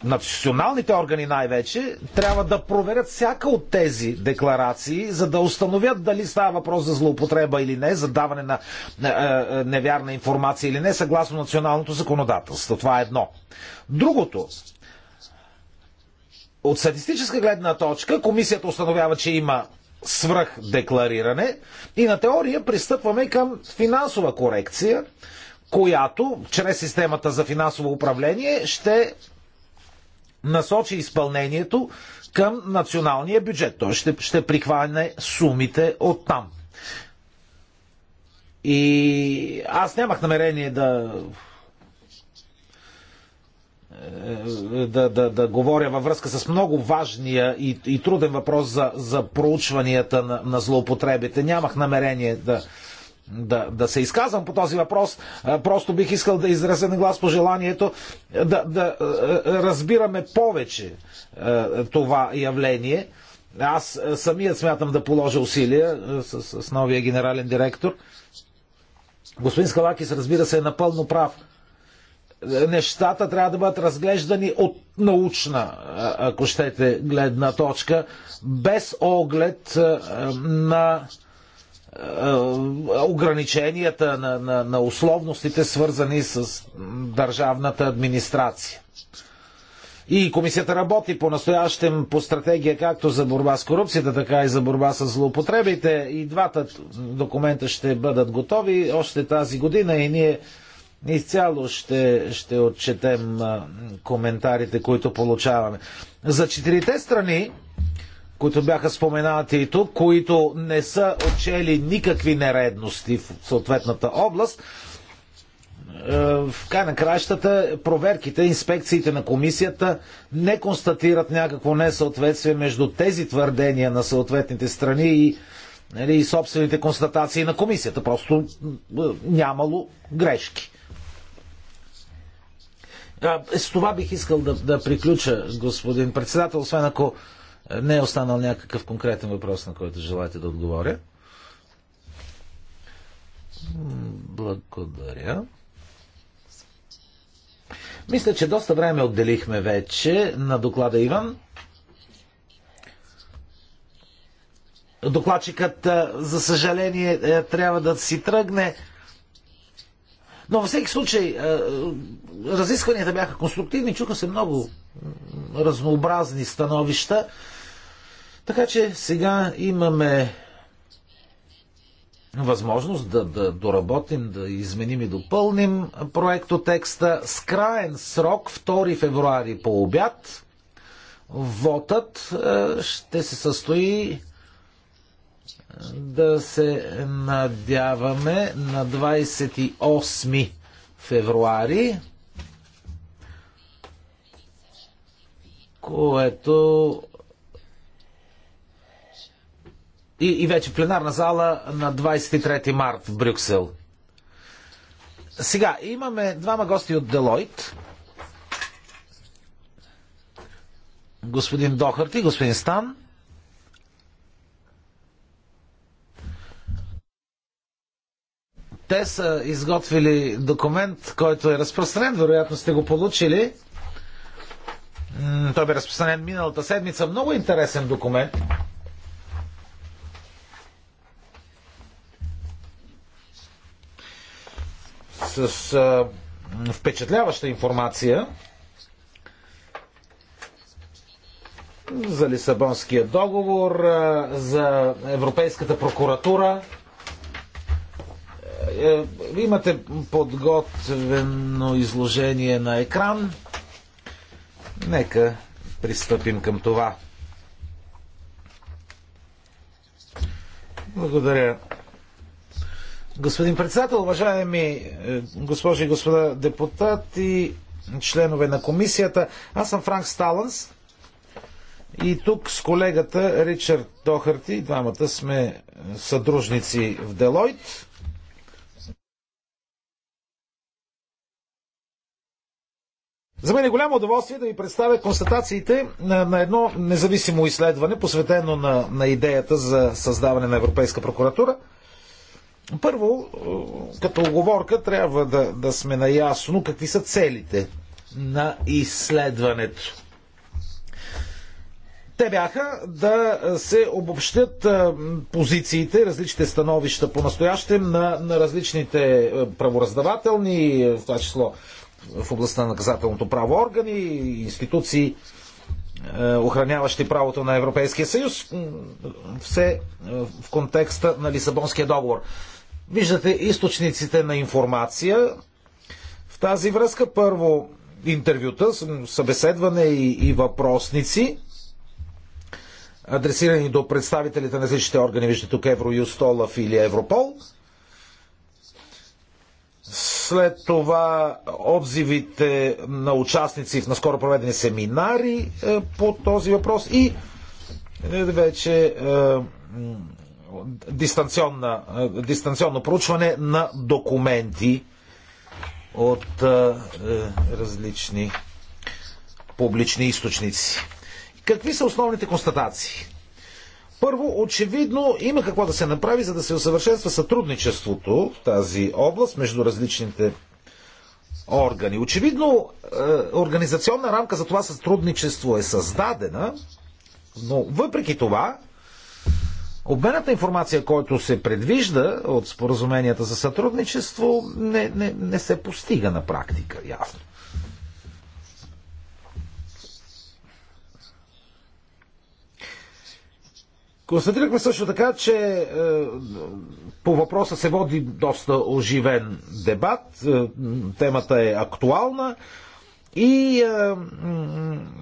националните органи най-вече трябва да проверят всяка от тези декларации, за да установят дали става въпрос за злоупотреба или не, за даване на е, е, невярна информация или не, съгласно националното законодателство. Това е едно. Другото, от статистическа гледна точка, комисията установява, че има свръхдеклариране и на теория пристъпваме към финансова корекция, която чрез системата за финансово управление ще насочи изпълнението към националния бюджет. Той ще, ще прихване сумите от там. И аз нямах намерение да да, да, да говоря във връзка с много важния и, и труден въпрос за, за проучванията на, на злоупотребите. Нямах намерение да, да, да се изказвам по този въпрос. Просто бих искал да изразя на глас пожеланието да, да разбираме повече това явление. Аз самият смятам да положа усилия с, с новия генерален директор. Господин Скалакис, разбира се, е напълно прав. Нещата трябва да бъдат разглеждани от научна, ако щете, гледна точка, без оглед на. Е, е, ограниченията на, на, на условностите, свързани с държавната администрация. И комисията работи по настоящем по стратегия както за борба с корупцията, така и за борба с злоупотребите. И двата документа ще бъдат готови още тази година и ние изцяло ще, ще отчетем коментарите, които получаваме. За четирите страни които бяха споменати и тук, които не са отчели никакви нередности в съответната област, е, в край на краищата проверките, инспекциите на комисията не констатират някакво несъответствие между тези твърдения на съответните страни и, нали, и собствените констатации на комисията. Просто е, нямало грешки. С това бих искал да, да приключа, господин председател, освен ако не е останал някакъв конкретен въпрос, на който желаете да отговоря. Благодаря. Мисля, че доста време отделихме вече на доклада Иван. Докладчикът, за съжаление, е, трябва да си тръгне. Но във всеки случай, разискванията бяха конструктивни, чуха се много разнообразни становища. Така че сега имаме възможност да, да доработим, да изменим и допълним проектотекста с краен срок 2 февруари по обяд. Вотът е, ще се състои е, да се надяваме на 28 февруари, което и, и вече в пленарна зала на 23 март в Брюксел. Сега, имаме двама гости от Делойт. Господин Дохарт и господин Стан. Те са изготвили документ, който е разпространен, вероятно сте го получили. Той бе разпространен миналата седмица. Много интересен документ. с а, впечатляваща информация за Лисабонския договор, а, за Европейската прокуратура. Е, е имате подготвено изложение на екран. Нека пристъпим към това. Благодаря, Господин председател, уважаеми е, госпожи и господа депутати, членове на комисията, аз съм Франк Сталанс и тук с колегата Ричард Дохарти, двамата сме е, съдружници в Делойт. За мен е голямо удоволствие да ви представя констатациите на, на едно независимо изследване, посветено на, на идеята за създаване на Европейска прокуратура – първо, е, като оговорка трябва да, да сме наясно какви са целите на изследването. Те бяха да се обобщат е, позициите, различните становища по настоящем на, на различните е, правораздавателни, в това число в областта на наказателното право органи, институции, охраняващи правото на Европейския съюз, все в контекста на Лисабонския договор. Виждате източниците на информация. В тази връзка първо интервюта, събеседване и, и въпросници, адресирани до представителите на различните органи, виждате тук Евроюстолъв или Европол. След това обзивите на участници в наскоро проведени семинари е, по този въпрос и е, вече е, дистанционно проучване на документи от е, различни публични източници. Какви са основните констатации? Първо, очевидно има какво да се направи, за да се усъвършенства сътрудничеството в тази област между различните органи. Очевидно, е, организационна рамка за това сътрудничество е създадена, но въпреки това Обменът на информация, който се предвижда от споразуменията за сътрудничество, не, не, не се постига на практика, ясно. Констатирахме също така, че е, по въпроса се води доста оживен дебат, е, темата е актуална и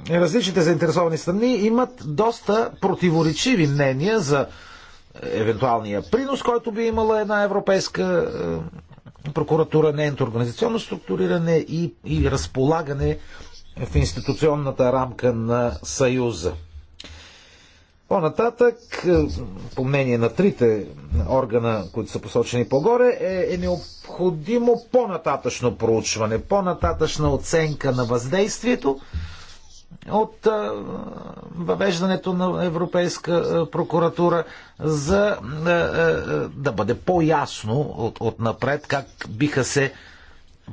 е, различните заинтересовани страни имат доста противоречиви мнения за евентуалния принос, който би имала една европейска е, прокуратура, нейното организационно структуриране и, и разполагане в институционната рамка на Съюза. По-нататък, е, по мнение на трите органа, които са посочени по-горе, е, е необходимо по-нататъчно проучване, по-нататъчна оценка на въздействието от въвеждането на Европейска прокуратура, за да бъде по-ясно от, от напред как биха се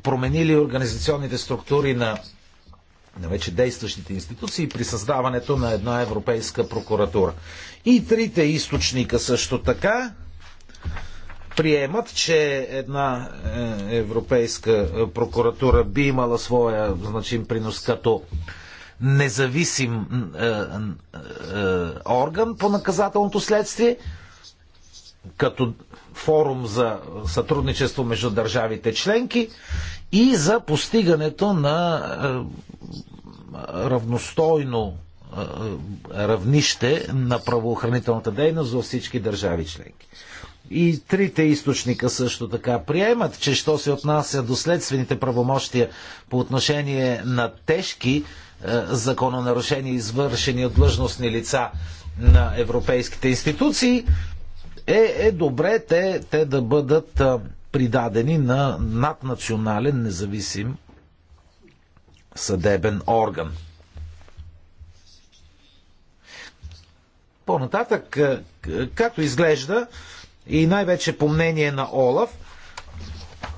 променили организационните структури на, на вече действащите институции при създаването на една Европейска прокуратура. И трите източника също така приемат, че една е, европейска прокуратура би имала своя значим принос като независим е, е, орган по наказателното следствие, като форум за сътрудничество между държавите членки и за постигането на е, равностойно е, равнище на правоохранителната дейност за всички държави членки. И трите източника също така приемат, че що се отнася до следствените правомощия по отношение на тежки е, закононарушения, извършени от длъжностни лица на европейските институции, е, е добре те, те да бъдат е, придадени на наднационален независим съдебен орган. По-нататък, е, както изглежда, и най-вече по мнение на Олаф,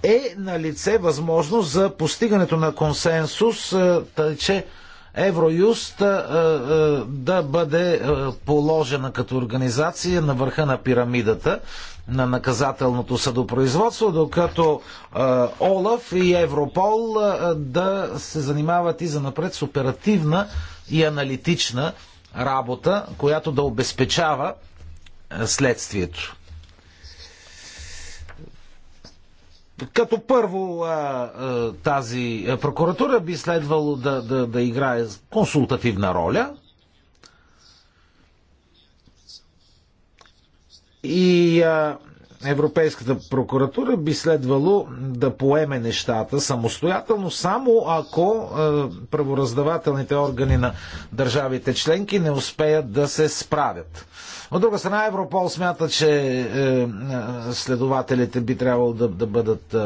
е на лице възможност за постигането на консенсус, тъй че Евроюст да бъде положена като организация на върха на пирамидата на наказателното съдопроизводство, докато ОЛАФ и Европол да се занимават и занапред с оперативна и аналитична работа, която да обезпечава следствието. Като първо тази прокуратура би следвало да, да, да играе консултативна роля и Европейската прокуратура би следвало да поеме нещата самостоятелно, само ако правораздавателните органи на държавите членки не успеят да се справят от друга страна, Европол смята, че е, е, следователите би трябвало да, да бъдат е,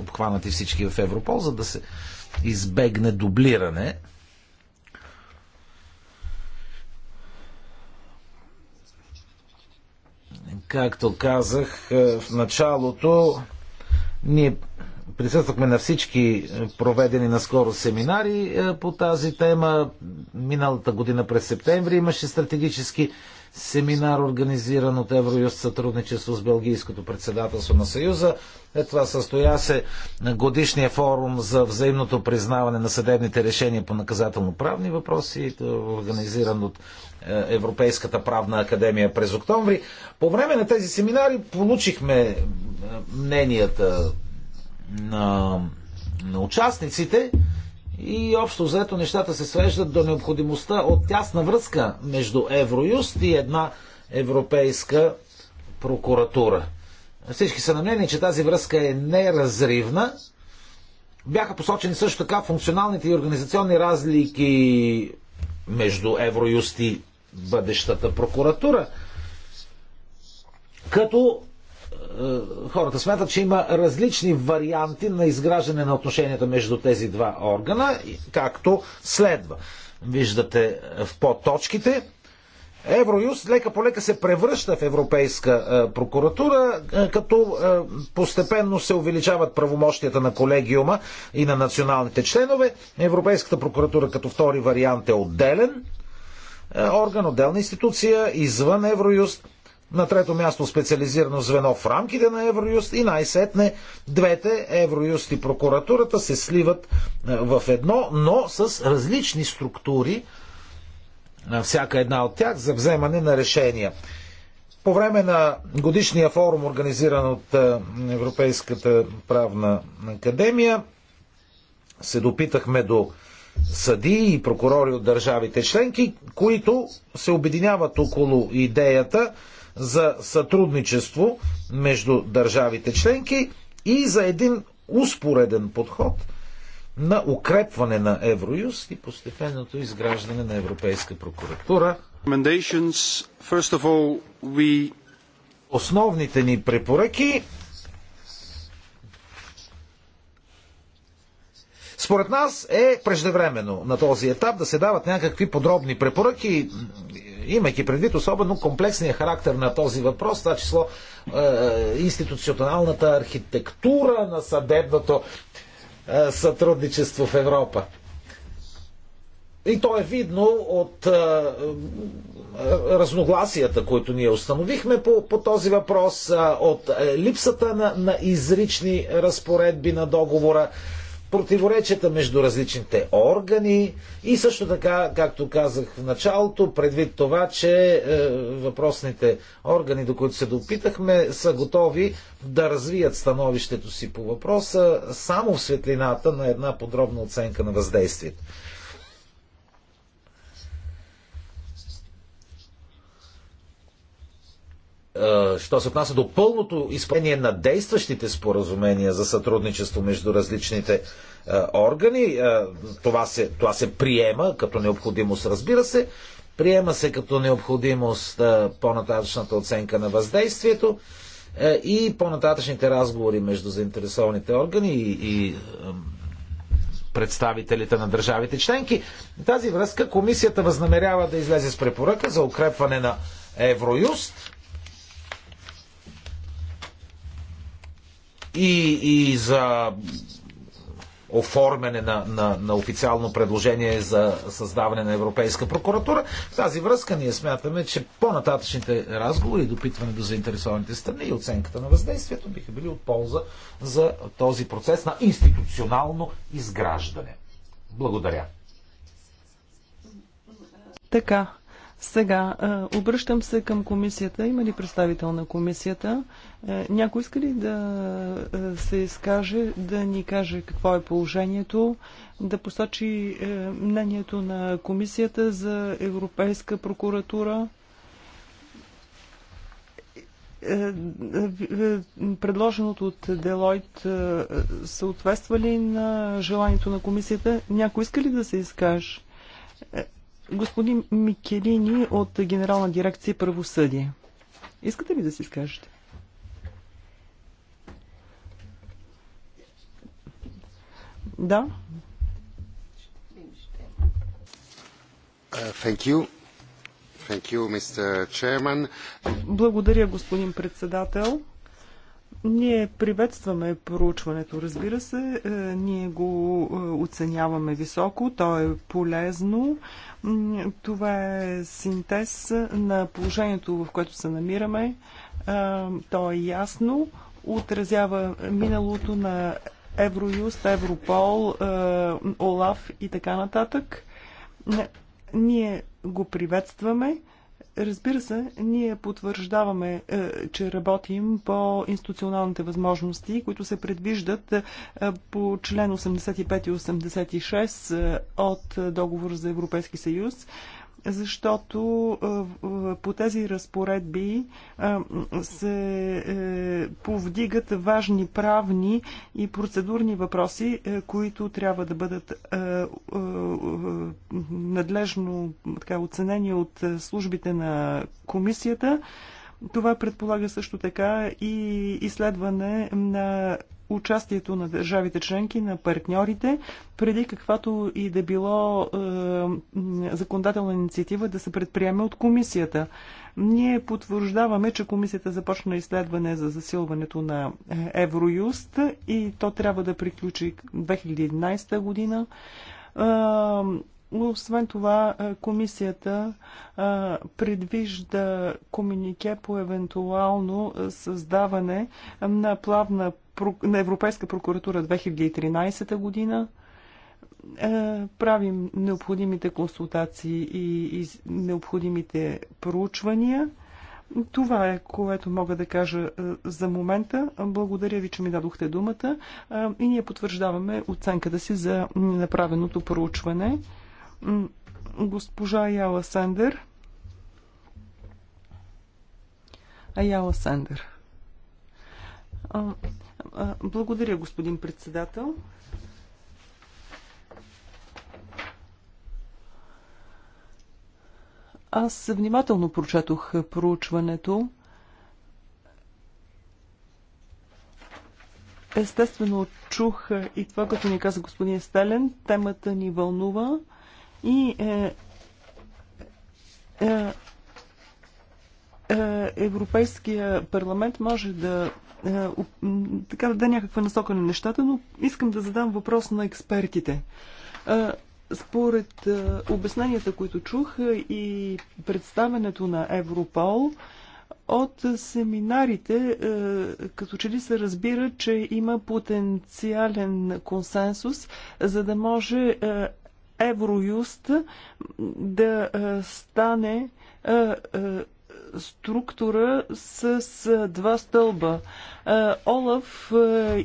обхванати всички в Европол, за да се избегне дублиране. Както казах е, в началото, ние присъствахме на всички проведени наскоро семинари е, по тази тема. Миналата година през септември имаше стратегически семинар, организиран от Евроюст сътрудничество с Белгийското председателство на Съюза. Е, това състоя се годишния форум за взаимното признаване на съдебните решения по наказателно-правни въпроси, е организиран от е, Европейската правна академия през октомври. По време на тези семинари получихме е, мненията на, на участниците и общо взето нещата се свеждат до необходимостта от тясна връзка между Евроюст и една европейска прокуратура. Всички са намерени, че тази връзка е неразривна. Бяха посочени също така функционалните и организационни разлики между Евроюст и бъдещата прокуратура. Като е, хората смятат, че има различни варианти на изграждане на отношенията между тези два органа, както следва. Виждате в подточките. Евроюст лека по лека се превръща в Европейска е, прокуратура, е, като постепенно се увеличават правомощията на колегиума и на националните членове. Европейската прокуратура като втори вариант е отделен орган, отделна институция, извън Евроюст на трето място специализирано звено в рамките на Евроюст и най-сетне двете Евроюст и прокуратурата се сливат е, в едно, но с различни структури, на е, всяка една от тях, за вземане на решения. По време на годишния форум, организиран от е, Европейската правна академия, се допитахме до съдии и прокурори от държавите членки, които се обединяват около идеята за сътрудничество между държавите членки и за един успореден подход на укрепване на Евроюз и постепенното изграждане на Европейска прокуратура. Основните ни препоръки Според нас е преждевременно на този етап да се дават някакви подробни препоръки имайки предвид особено комплексния характер на този въпрос, това число е, е, институционалната архитектура на съдебното е, сътрудничество в Европа. И то е видно от е, е, разногласията, които ние установихме по, по този въпрос, е, от е, липсата на, на изрични разпоредби на договора противоречията между различните органи и също така, както казах в началото, предвид това, че е, въпросните органи, до които се допитахме, са готови да развият становището си по въпроса само в светлината на една подробна оценка на въздействието. що се отнася до пълното изпълнение на действащите споразумения за сътрудничество между различните органи, това се, това се приема като необходимост, разбира се. Приема се като необходимост по-нататъчната оценка на въздействието и по-нататъчните разговори между заинтересованите органи и, и представителите на държавите членки. В тази връзка комисията възнамерява да излезе с препоръка за укрепване на Евроюст и, и за оформяне на, на, на официално предложение за създаване на Европейска прокуратура. В тази връзка ние смятаме, че по-нататъчните разговори, допитване до заинтересованите страни и оценката на въздействието биха били от полза за този процес на институционално изграждане. Благодаря. Така, сега, обръщам се към комисията. Има ли представител на комисията? Е, някой иска ли да е, се изкаже, да ни каже какво е положението, да посочи е, мнението на комисията за Европейска прокуратура? Предложеното от Делойт съответства ли на желанието на комисията? Някой иска ли да се изкаже? Господин Микелини от Генерална дирекция правосъдие. Искате ли да си скажете? Да. Uh, thank you. Thank you, Благодаря, господин председател. Ние приветстваме проучването, разбира се. Е, ние го е, оценяваме високо, то е полезно. Това е синтез на положението, в което се намираме. Е, то е ясно, отразява миналото на Евроюст, Европол, ОЛАФ и така нататък. Ние го приветстваме Разбира се, ние потвърждаваме, е, че работим по институционалните възможности, които се предвиждат е, по член 85 и 86 е, от договор за Европейски съюз защото по тези разпоредби се е, повдигат важни правни и процедурни въпроси, е, които трябва да бъдат е, надлежно така, оценени от службите на комисията. Това предполага също така и изследване на участието на държавите членки, на партньорите, преди каквато и да било е, законодателна инициатива да се предприеме от комисията. Ние потвърждаваме, че комисията започна изследване за засилването на е, Евроюст и то трябва да приключи 2011 година е, освен това, е, комисията е, предвижда комунике по евентуално е, създаване на плавна на Европейска прокуратура 2013 година. Правим необходимите консултации и необходимите проучвания. Това е, което мога да кажа за момента. Благодаря ви, че ми дадохте думата и ние потвърждаваме оценката си за направеното проучване. Госпожа Яла Сендер. Аяла Сендер. Благодаря, господин председател. Аз внимателно прочетох проучването. Естествено, чух и това, като ни каза господин Стелен. Темата ни вълнува и е, е, е, Европейския парламент може да е, така да даде някаква насока на нещата, но искам да задам въпрос на експертите. Е, според обясненията, които чух и представенето на Европол, от семинарите като че ли се разбира, че има потенциален консенсус, за да може Евроюст да стане структура с два стълба. Олаф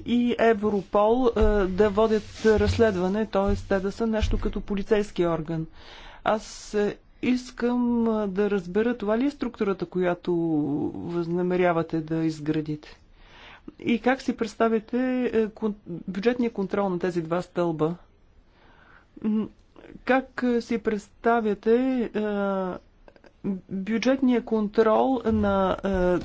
и Европол да водят разследване, т.е. те да са нещо като полицейски орган. Аз искам да разбера това ли е структурата, която възнамерявате да изградите? И как си представите е, бюджетния контрол на тези два стълба? Как си представяте бюджетния контрол на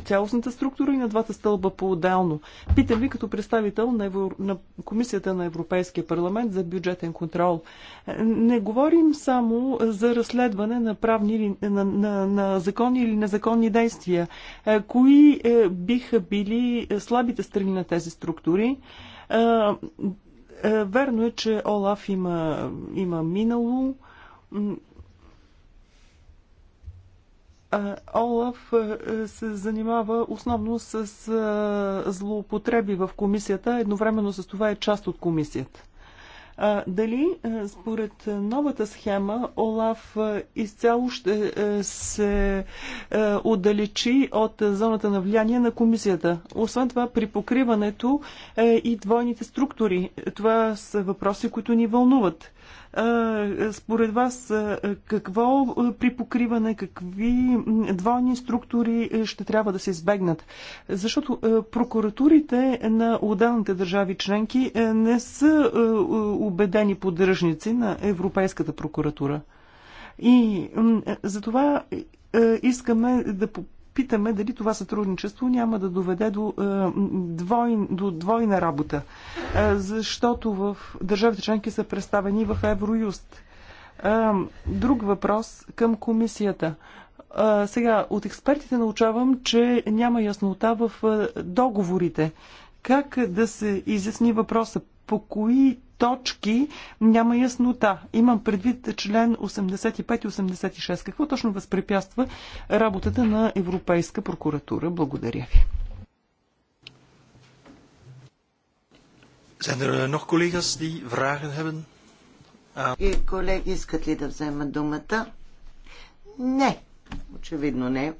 цялостната структура и на двата стълба по-отделно? Питам ви като представител на, Евро... на Комисията на Европейския парламент за бюджетен контрол. Не говорим само за разследване на правни или на, на, на законни или незаконни действия. Кои е, биха били слабите страни на тези структури? Е, верно е, че Олаф има, има минало. Олаф е, е, се занимава основно с злоупотреби в комисията, едновременно с това е част от комисията. Дали според новата схема ОЛАФ изцяло ще се отдалечи от зоната на влияние на комисията? Освен това, при покриването и двойните структури. Това са въпроси, които ни вълнуват. Според вас, какво при покриване, какви двойни структури ще трябва да се избегнат? Защото прокуратурите на отделните държави членки не са убедени поддръжници на Европейската прокуратура. И е, за това е, искаме да попитаме дали това сътрудничество няма да доведе до, е, двой, до двойна работа, защото в държавите членки са представени в Евроюст. Друг въпрос към комисията. Сега, от експертите научавам, че няма яснота в договорите. Как да се изясни въпроса? По кои точки няма яснота. Имам предвид член 85 и 86. Какво точно възпрепятства работата на Европейска прокуратура? Благодаря ви. Zijn er eh, nog collega's die vragen hebben? И ah. е, колеги, искат ли да вземат думата? Не. Очевидно не.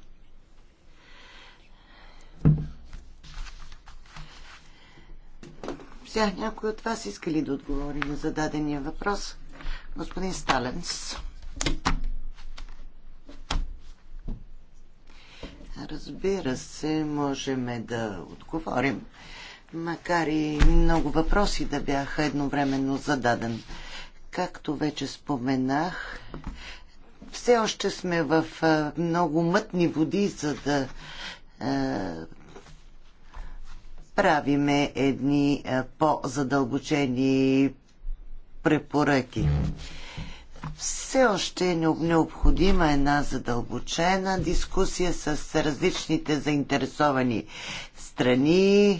Сега някой от вас иска ли да отговори на зададения въпрос? Господин Сталенс. Разбира се, можем да отговорим. Макар и много въпроси да бяха едновременно зададен. Както вече споменах, все още сме в много мътни води, за да правиме едни е, по-задълбочени препоръки. Все още е необходима една задълбочена дискусия с различните заинтересовани страни. Е,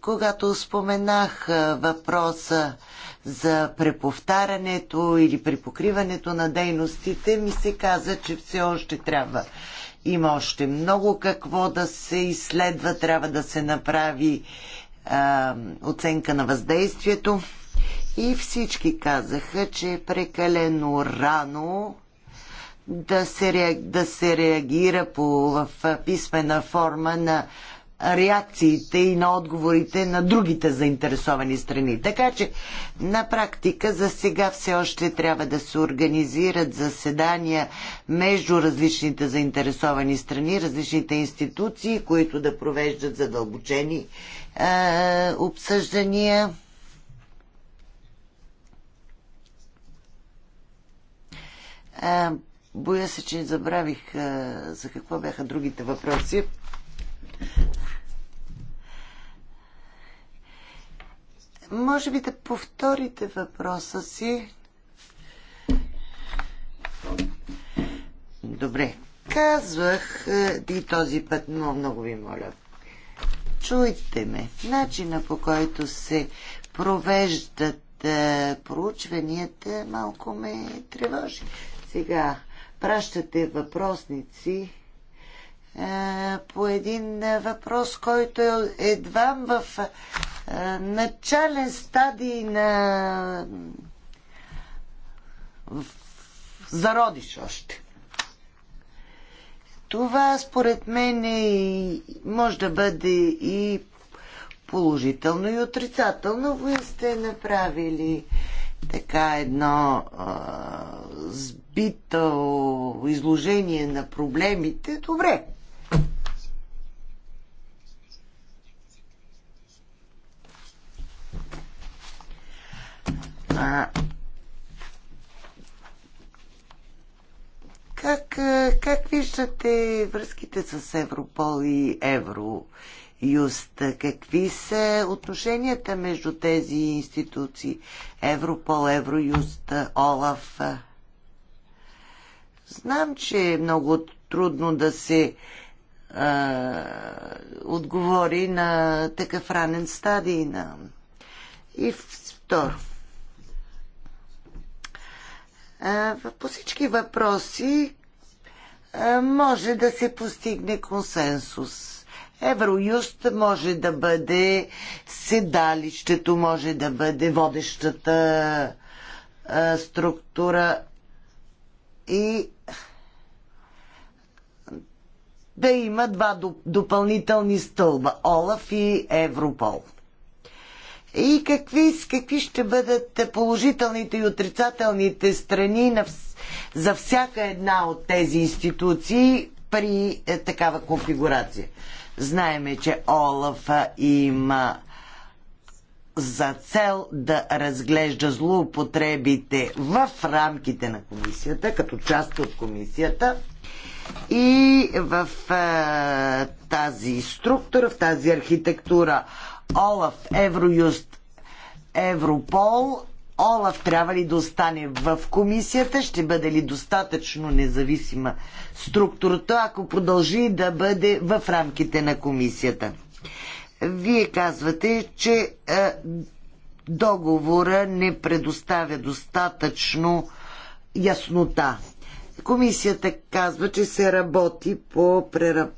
когато споменах е, въпроса за преповтарянето или препокриването на дейностите, ми се каза, че все още трябва има още много какво да се изследва, трябва да се направи а, оценка на въздействието. И всички казаха, че е прекалено рано да се, реагира по, в писмена форма на реакциите и на отговорите на другите заинтересовани страни. Така че на практика за сега все още трябва да се организират заседания между различните заинтересовани страни, различните институции, които да провеждат задълбочени е, обсъждания. Е, боя се, че забравих е, за какво бяха другите въпроси. Може би да повторите въпроса си. Добре. Казвах е, и този път, но много ви моля. Чуйте ме. Начина по който се провеждат е, проучванията малко ме тревожи. Сега пращате въпросници е, по един въпрос, който е едва в е, начален стадий на зародиш още. Това според мен е, може да бъде и положително и отрицателно. Вие сте направили така едно а, сбито изложение на проблемите. Добре. А, как, как виждате връзките с Европол и Евроюст? Какви са отношенията между тези институции? Европол, Евроюст, Олаф? Знам, че е много трудно да се а, отговори на такъв ранен стадий на... И в по всички въпроси може да се постигне консенсус. Евроюст може да бъде седалището, може да бъде водещата структура и да има два допълнителни стълба Олаф и Европол и какви, какви ще бъдат положителните и отрицателните страни на, за всяка една от тези институции при е, такава конфигурация. Знаеме, че Олаф има за цел да разглежда злоупотребите в рамките на комисията, като част от комисията. И в е, тази структура, в тази архитектура Олаф, Евроюст, Европол, Олаф трябва ли да остане в комисията? Ще бъде ли достатъчно независима структурата, ако продължи да бъде в рамките на комисията? Вие казвате, че е, договора не предоставя достатъчно яснота. Комисията казва, че се работи по,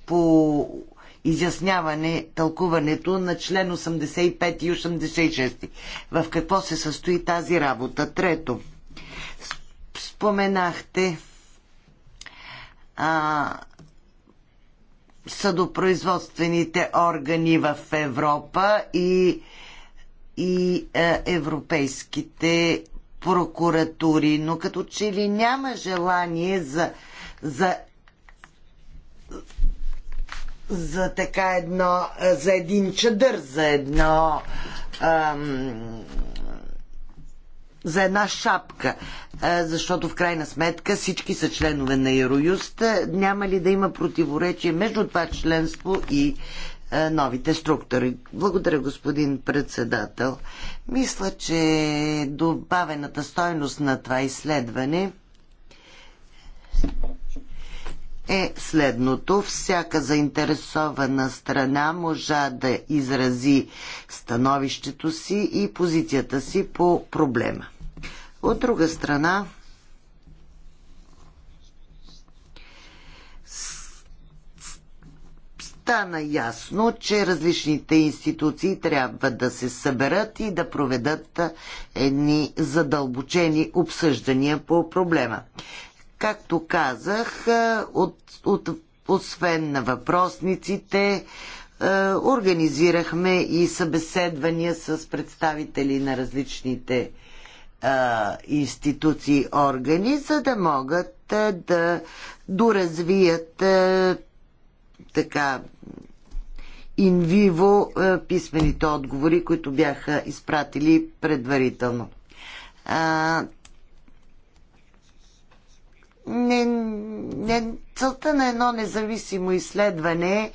по изясняване тълкуването на член 85 и 86. В какво се състои тази работа? Трето, споменахте а, съдопроизводствените органи в Европа и, и а, е, европейските прокуратури, но като че ли няма желание за, за за така едно, е, за един чадър, за едно ам, за една шапка, е, защото в крайна сметка всички са членове на Ероюст. Няма ли да има противоречие между това членство и е, новите структури? Благодаря, господин председател. Мисля, че добавената стойност на това изследване е следното. Всяка заинтересована страна може да изрази становището си и позицията си по проблема. От друга страна, стана ясно, че различните институции трябва да се съберат и да проведат едни задълбочени обсъждания по проблема. Както казах, е, от, от, освен на въпросниците, е, организирахме и събеседвания с представители на различните институции е, институции, органи, за да могат да доразвият така инвиво писмените отговори, които бяха изпратили предварително не, не, целта на едно независимо изследване е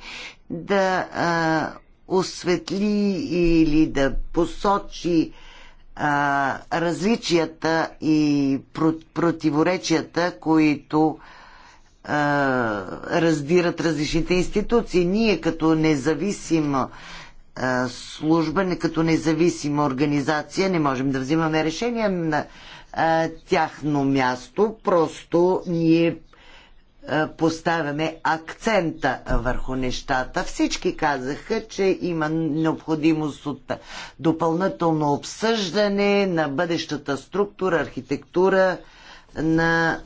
да а, осветли или да посочи а, различията и противоречията, които а, раздират различните институции. Ние като независима служба, като независима организация не можем да взимаме решения на а, тяхно място, просто ние а, поставяме акцента върху нещата. Всички казаха, че има необходимост от допълнително обсъждане на бъдещата структура, архитектура на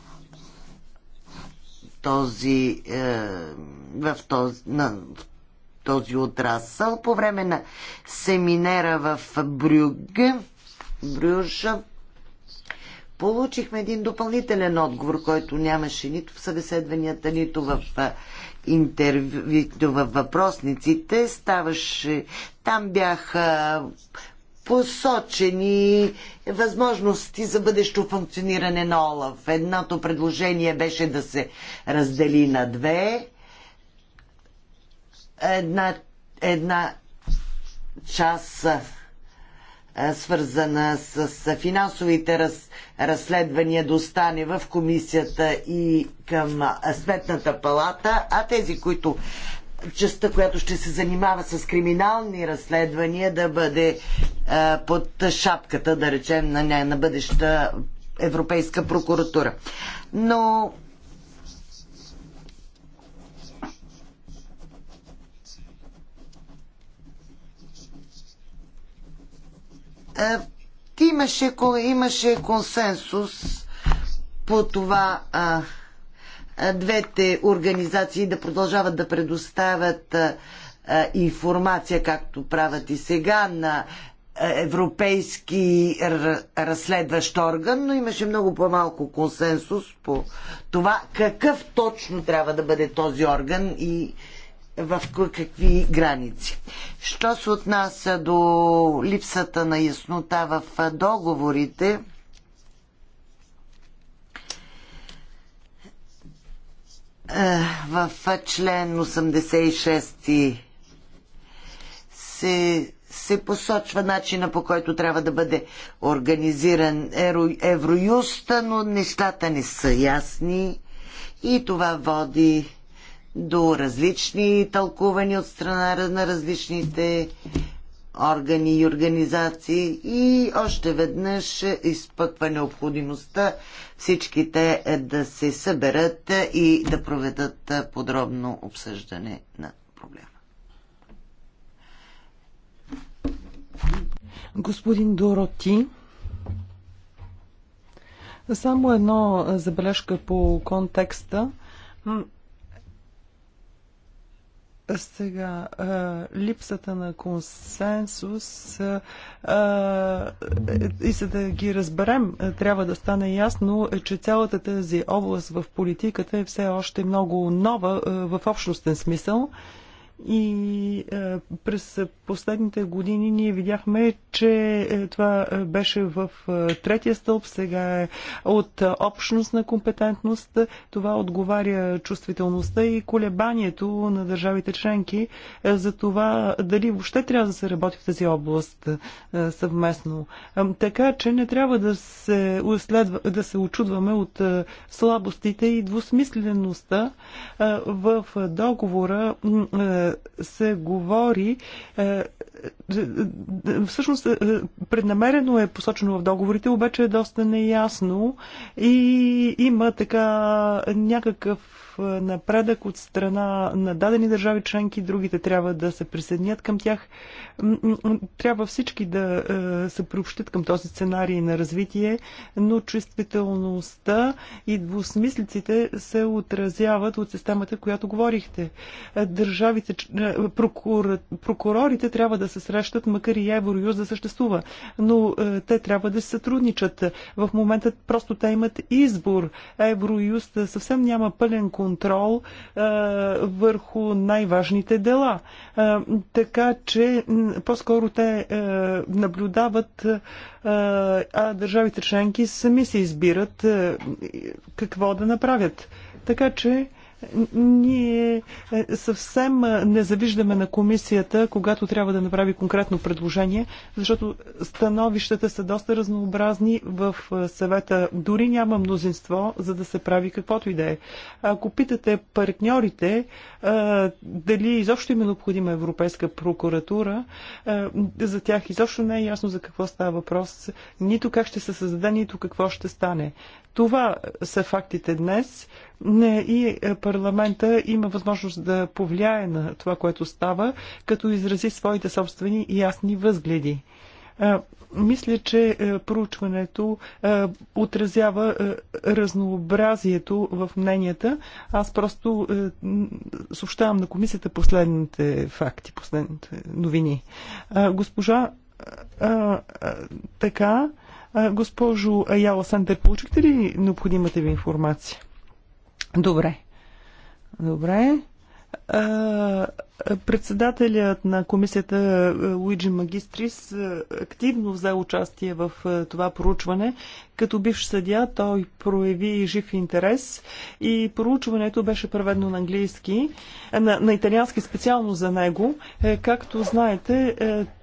този, е, в този, на, в този отрасъл. По време на семинера в Брюге, Брюша, Получихме един допълнителен отговор, който нямаше нито в събеседванията, нито в интервю, в въпросниците. Ставаше, там бяха посочени възможности за бъдещо функциониране на ОЛАФ. Едното предложение беше да се раздели на две. Една, една част свързана с финансовите раз, разследвания да остане в комисията и към Сметната палата, а тези, които частта, която ще се занимава с криминални разследвания, да бъде а, под шапката, да речем, на, на бъдеща Европейска прокуратура. Но имаше, имаше консенсус по това а, двете организации да продължават да предоставят а, информация, както правят и сега, на европейски разследващ орган, но имаше много по-малко консенсус по това какъв точно трябва да бъде този орган и в какви граници. Що се отнася до липсата на яснота в договорите, е, в член 86 се, се посочва начина по който трябва да бъде организиран Евроюста, но нещата не са ясни и това води до различни тълкувани от страна на различните органи и организации и още веднъж изпъква необходимостта всичките да се съберат и да проведат подробно обсъждане на проблема. Господин Дороти, само едно забележка по контекста. Сега, липсата на консенсус и за да ги разберем, трябва да стане ясно, е, че цялата тази област в политиката е все още много нова в общностен смисъл. И е, през последните години ние видяхме, че е, това е, беше в третия стълб, сега е от общност на компетентност. Това отговаря чувствителността и колебанието на държавите членки за това дали въобще трябва да се работи в тази област съвместно. Така че не трябва да се, уследва, да се очудваме от слабостите и двусмислеността в договора се говори, е, всъщност е, преднамерено е посочено в договорите, обаче е доста неясно и има така някакъв напредък от страна на дадени държави членки, другите трябва да се присъединят към тях. Трябва всички да е, се приобщат към този сценарий на развитие, но чувствителността и двусмислиците се отразяват от системата, която говорихте. Е, държавите, е, прокур, прокурорите трябва да се срещат, макар и Евроюз да съществува, но те трябва да се сътрудничат. В момента просто те имат избор. Евроюз съвсем няма пълен контакт контрол върху най-важните дела. Така че по-скоро те наблюдават, а държавите членки сами се избират какво да направят. Така че ние е, съвсем е, не завиждаме на комисията, когато трябва да направи конкретно предложение, защото становищата са доста разнообразни в е, съвета. Дори няма мнозинство, за да се прави каквото и да е. Ако питате партньорите дали изобщо има необходима Европейска прокуратура, за тях изобщо не е ясно за какво става въпрос, нито как ще се създаде, нито какво ще стане. Това са фактите днес и парламента има възможност да повлияе на това, което става, като изрази своите собствени и ясни възгледи. Мисля, че проучването отразява разнообразието в мненията. Аз просто съобщавам на комисията последните факти, последните новини. Госпожа, така, Госпожо Яла Сандер, получихте ли необходимата ви информация? Добре. Добре. Председателят на комисията е, Луиджи Магистрис е, активно взе участие в е, това проучване. Като бивш съдя той прояви жив интерес и проучването беше преведено на английски, на, на италиански специално за него. Както знаете,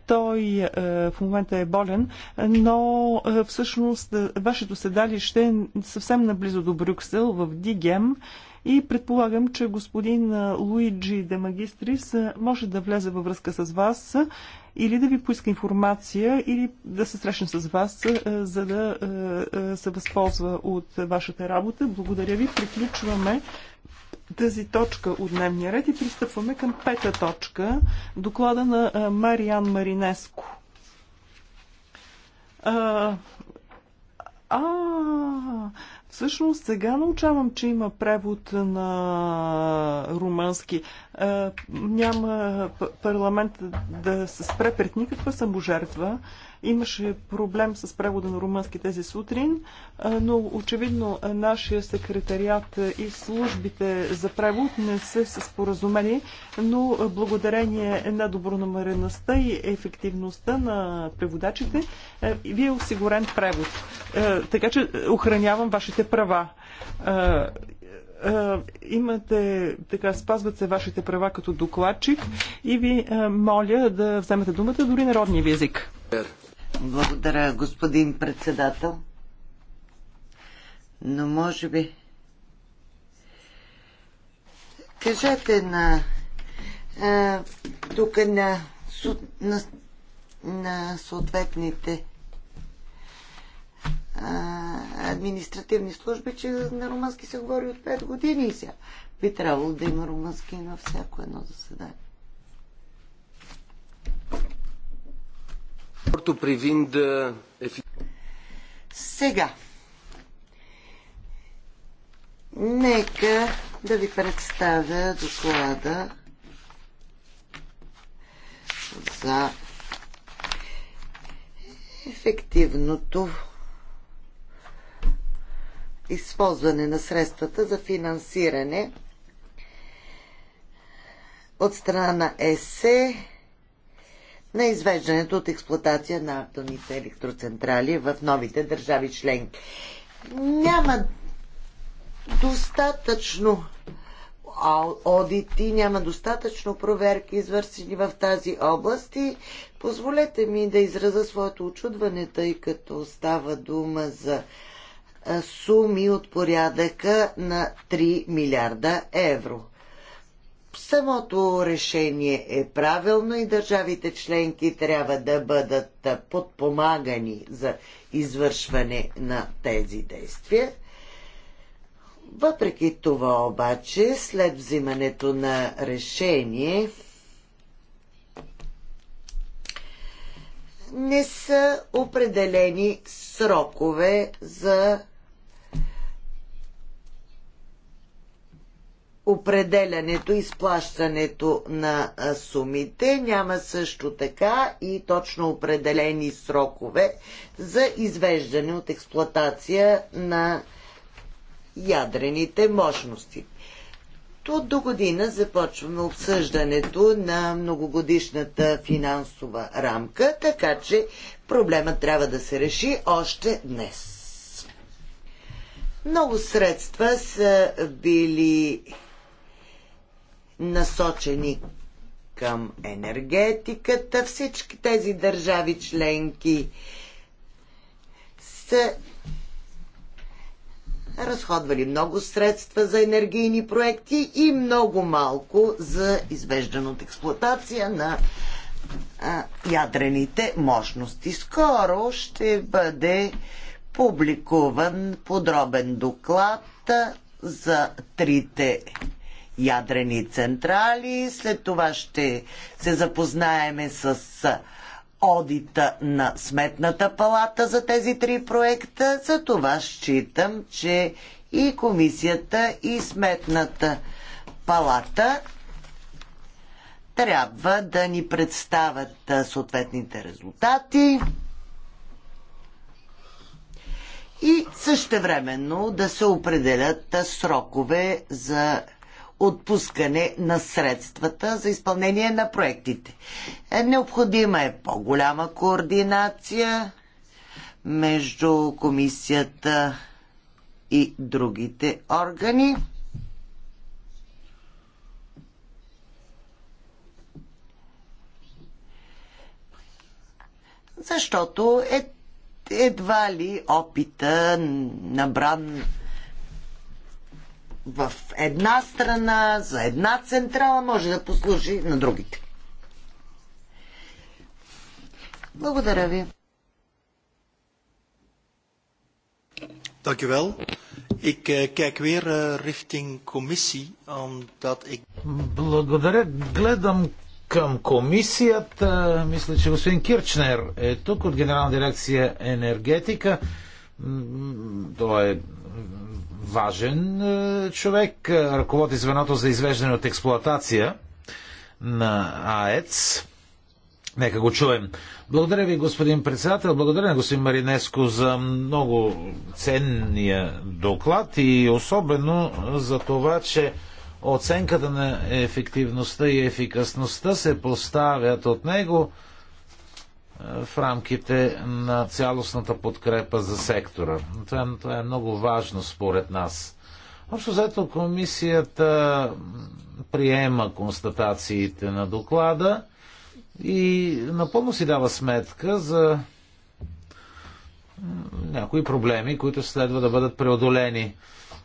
той в момента е болен, но всъщност вашето седалище е съвсем наблизо до Брюксел, в Дигем. И предполагам, че господин Луиджи де Магистрис може да влезе във връзка с вас или да ви поиска информация, или да се срещне с вас, за да се възползва от вашата работа. Благодаря ви. Приключваме тази точка от дневния ред и пристъпваме към пета точка, доклада на Мариан Маринеско. А, а, Всъщност сега научавам, че има превод на румънски. Е, няма парламент да се спре пред никаква саможертва. Имаше проблем с превода на румънски тези сутрин, но очевидно нашия секретариат и службите за превод не са се споразумени, но благодарение на добронамереността и ефективността на преводачите, ви е осигурен превод. Така че охранявам вашите права имате, така, спазват се вашите права като докладчик и ви моля да вземете думата дори народния език. Е, благодаря, господин председател. Но може би... Кажете на... А, тук на, на, на съответните а, административни служби, че на румънски се говори от 5 години и сега. Би трябвало да има румънски на всяко едно заседание. Uh, Сега, нека да ви представя доклада за ефективното използване на средствата за финансиране от страна на ЕСЕ на извеждането от експлуатация на атомните електроцентрали в новите държави членки. Няма достатъчно одити, няма достатъчно проверки извършени в тази област и позволете ми да израза своето очудване, тъй като става дума за суми от порядъка на 3 милиарда евро. Самото решение е правилно и държавите членки трябва да бъдат подпомагани за извършване на тези действия. Въпреки това обаче, след взимането на решение, не са определени срокове за определянето и изплащането на сумите. Няма също така и точно определени срокове за извеждане от експлоатация на ядрените мощности. От до година започваме обсъждането на многогодишната финансова рамка, така че проблема трябва да се реши още днес. Много средства са били насочени към енергетиката. Всички тези държави членки са разходвали много средства за енергийни проекти и много малко за извеждане от експлуатация на а, ядрените мощности. Скоро ще бъде публикуван подробен доклад за трите ядрени централи. След това ще се запознаеме с одита на Сметната палата за тези три проекта. За това считам, че и комисията, и Сметната палата трябва да ни представят съответните резултати и същевременно да се определят срокове за отпускане на средствата за изпълнение на проектите. Е, необходима е по-голяма координация между комисията и другите органи. Защото е едва ли опита набран в една страна, за една централа, може да послужи на другите. Благодаря ви. Dank u wel. Ik uh, kijk weer uh, richting commissie, omdat ik... Благодаря. Гледам към комисията. Мисля, че господин Кирчнер е тук от Генерална дирекция енергетика. Той е важен е, човек. Е, ръководи звеното за извеждане от експлоатация на АЕЦ. Нека го чуем. Благодаря ви, господин председател. Благодаря на господин Маринеско за много ценния доклад и особено за това, че оценката на ефективността и ефикасността се поставят от него в рамките на цялостната подкрепа за сектора. Това, това е много важно според нас. Общо заето комисията приема констатациите на доклада и напълно си дава сметка за някои проблеми, които следва да бъдат преодолени.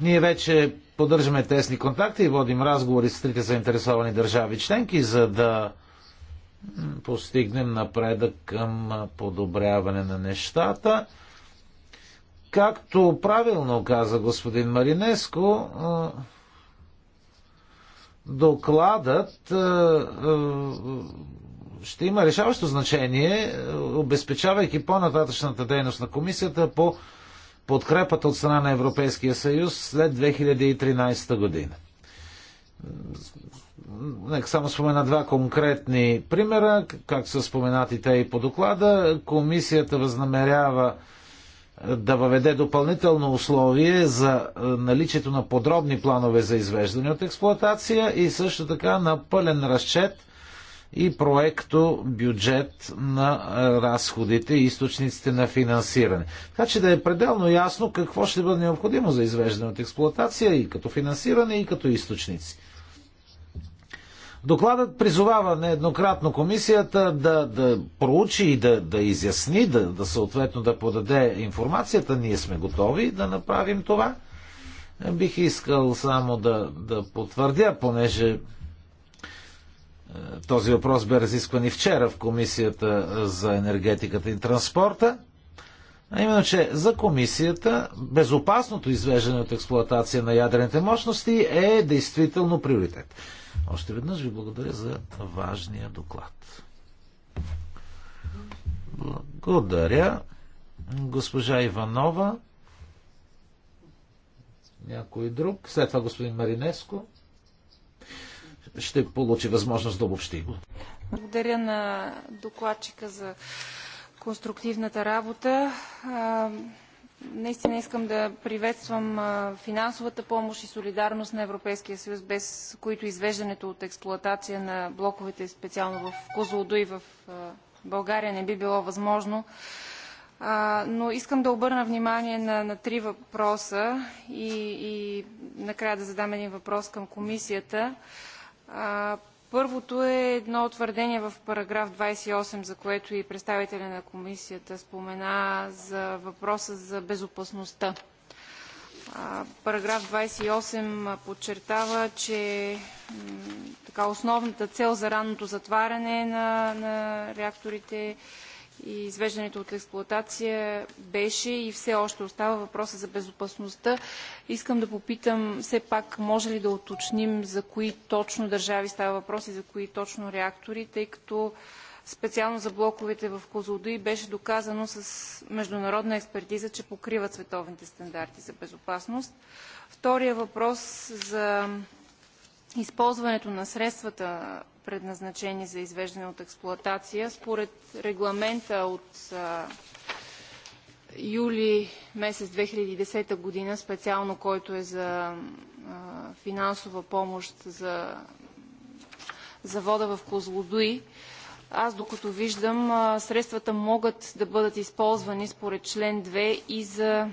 Ние вече поддържаме тесни контакти и водим разговори с трите заинтересовани държави членки, за да постигнем напредък към подобряване на нещата. Както правилно каза господин Маринеско, докладът ще има решаващо значение, обезпечавайки по-нататъчната дейност на комисията по подкрепата от страна на Европейския съюз след 2013 година. Нека само спомена два конкретни примера, как са споменати те и по доклада. Комисията възнамерява е, да въведе допълнително условие за е, наличието на подробни планове за извеждане от експлоатация и също така на пълен разчет и проекто бюджет на е, разходите и източниците на финансиране. Така че да е пределно ясно какво ще бъде необходимо за извеждане от експлоатация и като финансиране и като източници. Докладът призовава нееднократно комисията да, да проучи и да, да изясни, да, да съответно да подаде информацията. Ние сме готови да направим това. Бих искал само да, да потвърдя, понеже е, този въпрос бе разискван и вчера в Комисията за енергетиката и транспорта. А именно, че за комисията безопасното извеждане от експлоатация на ядрените мощности е действително приоритет. Още веднъж ви благодаря за важния доклад. Благодаря. Госпожа Иванова. Някой друг. След това господин Маринеско. Ще получи възможност да обобщи го. Благодаря на докладчика за конструктивната работа. Наистина искам да приветствам финансовата помощ и солидарност на Европейския съюз, без които извеждането от експлоатация на блоковете, специално в Козлодуй в България, не би било възможно. Но искам да обърна внимание на, на три въпроса и, и накрая да задам един въпрос към комисията. Първото е едно твърдение в параграф 28, за което и представителя на комисията спомена за въпроса за безопасността. Параграф 28 подчертава, че така, основната цел за ранното затваряне на, на реакторите е и извеждането от експлоатация беше и все още остава въпроса за безопасността. Искам да попитам все пак може ли да уточним за кои точно държави става въпрос и за кои точно реактори, тъй като специално за блоковете в Козлодуй беше доказано с международна експертиза, че покриват световните стандарти за безопасност. Вторият въпрос за използването на средствата, предназначени за извеждане от експлоатация, според регламента от юли месец 2010 година, специално който е за финансова помощ за завода в Козлодуи. аз докато виждам, средствата могат да бъдат използвани според член 2 и за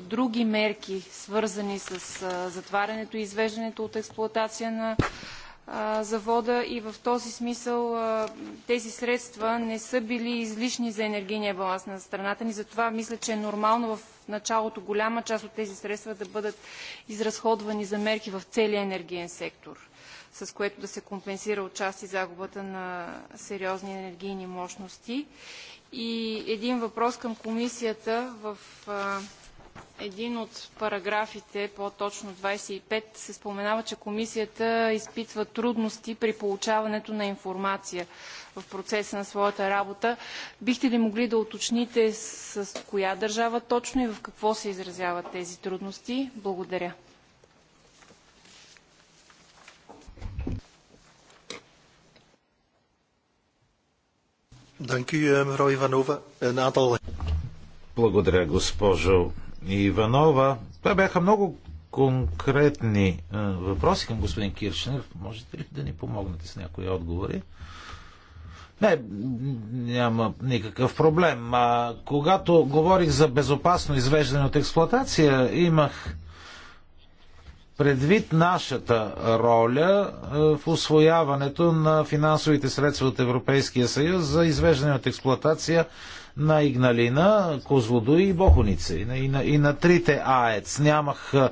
други мерки, свързани с затварянето и извеждането от експлоатация на завода и в този смисъл тези средства не са били излишни за енергийния баланс на страната ни. Затова мисля, че е нормално в началото голяма част от тези средства да бъдат изразходвани за мерки в целия енергиен сектор, с което да се компенсира отчасти загубата на сериозни енергийни мощности. И един въпрос към комисията в един от параграфите, по-точно 25, се споменава, че комисията изпитва трудности при получаването на информация в процеса на своята работа. Бихте ли могли да уточните с коя държава точно и в какво се изразяват тези трудности? Благодаря. Eh, Благодаря, госпожо Иванова. Това бяха много конкретни въпроси към господин Киршнер. Можете ли да ни помогнете с някои отговори? Не, няма никакъв проблем. А, когато говорих за безопасно извеждане от експлоатация, имах предвид нашата роля в освояването на финансовите средства от Европейския съюз за извеждане от експлоатация на Игналина, Козлодо и Бохоница. И на, и на, и на трите АЕЦ. Нямах е, е,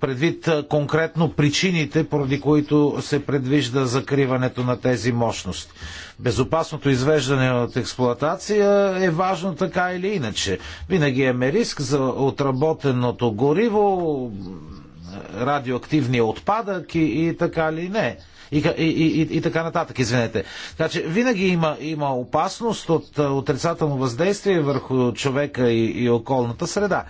предвид конкретно причините, поради които се предвижда закриването на тези мощности. Безопасното извеждане от експлоатация е важно така или иначе. Винаги е риск за отработеното гориво, радиоактивния отпадък и, и така ли не и, и, и, и така нататък, извинете. Така значи, че винаги има, има опасност от отрицателно въздействие върху човека и, и околната среда.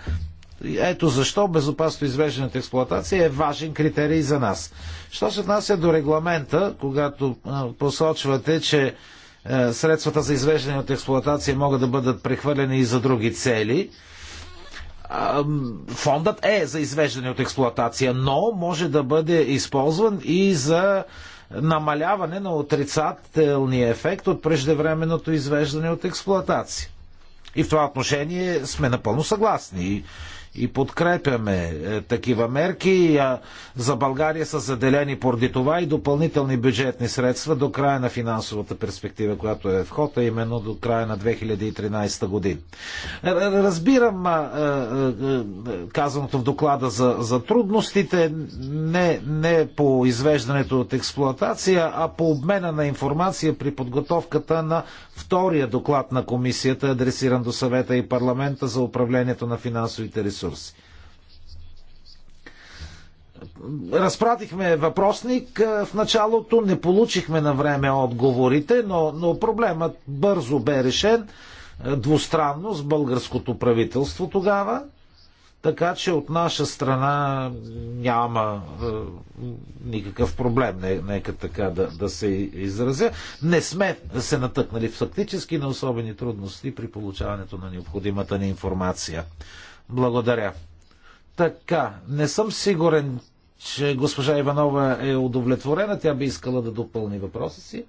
Ето защо безопасно извеждане от експлоатация е важен критерий за нас. Що се отнася до регламента, когато посочвате, че средствата за извеждане от експлоатация могат да бъдат прехвърлени и за други цели, фондът е за извеждане от експлоатация, но може да бъде използван и за намаляване на отрицателния ефект от преждевременното извеждане от експлоатация. И в това отношение сме напълно съгласни и подкрепяме е, такива мерки. За България са заделени поради това и допълнителни бюджетни средства до края на финансовата перспектива, която е в ход, а именно до края на 2013 година. Разбирам казаното в доклада за, за трудностите, не, не по извеждането от експлоатация, а по обмена на информация при подготовката на втория доклад на комисията, адресиран до съвета и парламента за управлението на финансовите ресурси ресурси. Разпратихме въпросник в началото, не получихме на време отговорите, но, но проблемът бързо бе решен двустранно с българското правителство тогава, така че от наша страна няма е, никакъв проблем, не, нека така да, да се изразя. Не сме се натъкнали фактически на особени трудности при получаването на необходимата ни информация. Благодаря. Така, не съм сигурен, че госпожа Иванова е удовлетворена. Тя би искала да допълни въпроса си.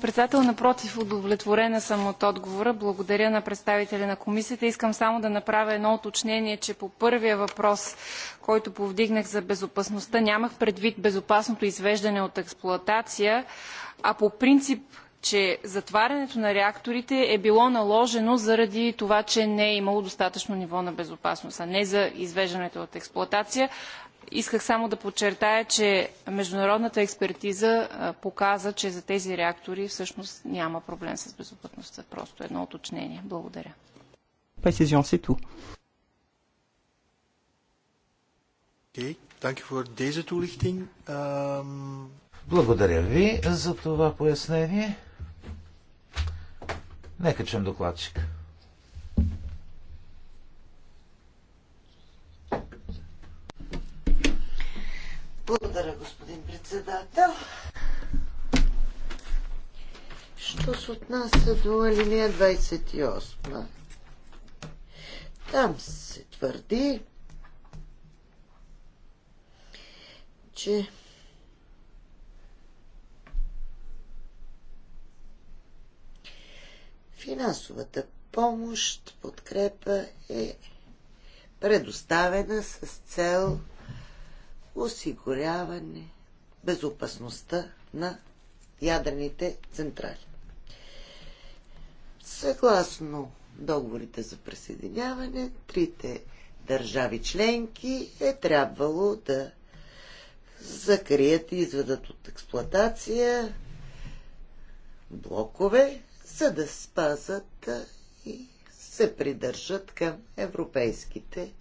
председател, напротив, удовлетворена съм от отговора. Благодаря на представителя на комисията. Искам само да направя едно уточнение, че по първия въпрос, който повдигнах за безопасността, нямах предвид безопасното извеждане от експлоатация, а по принцип че затварянето на реакторите е било наложено заради това, че не е имало достатъчно ниво на безопасност, а не за извеждането от експлоатация. Исках само да подчертая, че международната експертиза показа, че за тези реактори всъщност няма проблем с безопасността. Просто едно уточнение. Благодаря. c'est tout. Okay, toelichting. Um... Благодаря ви за това пояснение. Нека чуем докладчик. Благодаря, господин председател. Що се отнася до Линия 28? Там се твърди, че Финансовата помощ, подкрепа е предоставена с цел осигуряване безопасността на ядрените централи. Съгласно договорите за присъединяване, трите държави членки е трябвало да закрият и изведат от експлоатация блокове, за да спазат и се придържат към европейските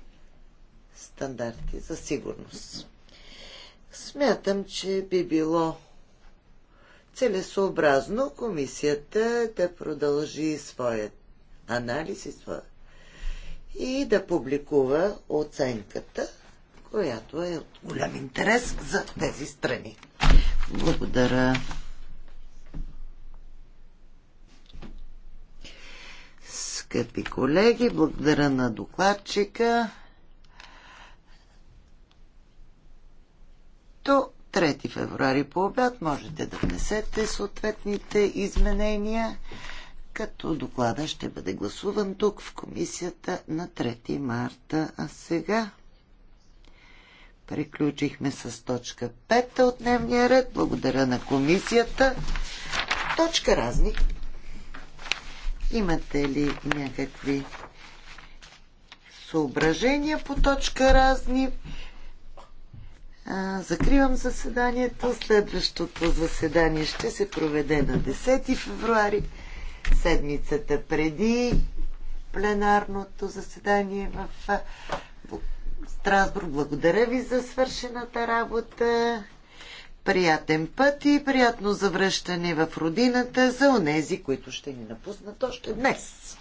стандарти за сигурност. Смятам, че би било целесообразно комисията да продължи своят анализ и, своя, и да публикува оценката, която е от голям интерес за тези страни. Благодаря. скъпи колеги, благодаря на докладчика. До 3 февруари по обяд можете да внесете съответните изменения, като доклада ще бъде гласуван тук в комисията на 3 марта. А сега приключихме с точка 5 от дневния ред. Благодаря на комисията. Точка разни. Имате ли някакви съображения по точка разни? закривам заседанието. Следващото заседание ще се проведе на 10 февруари, седмицата преди пленарното заседание в Страсбург. Благодаря ви за свършената работа приятен път и приятно завръщане в родината за онези, които ще ни напуснат още днес.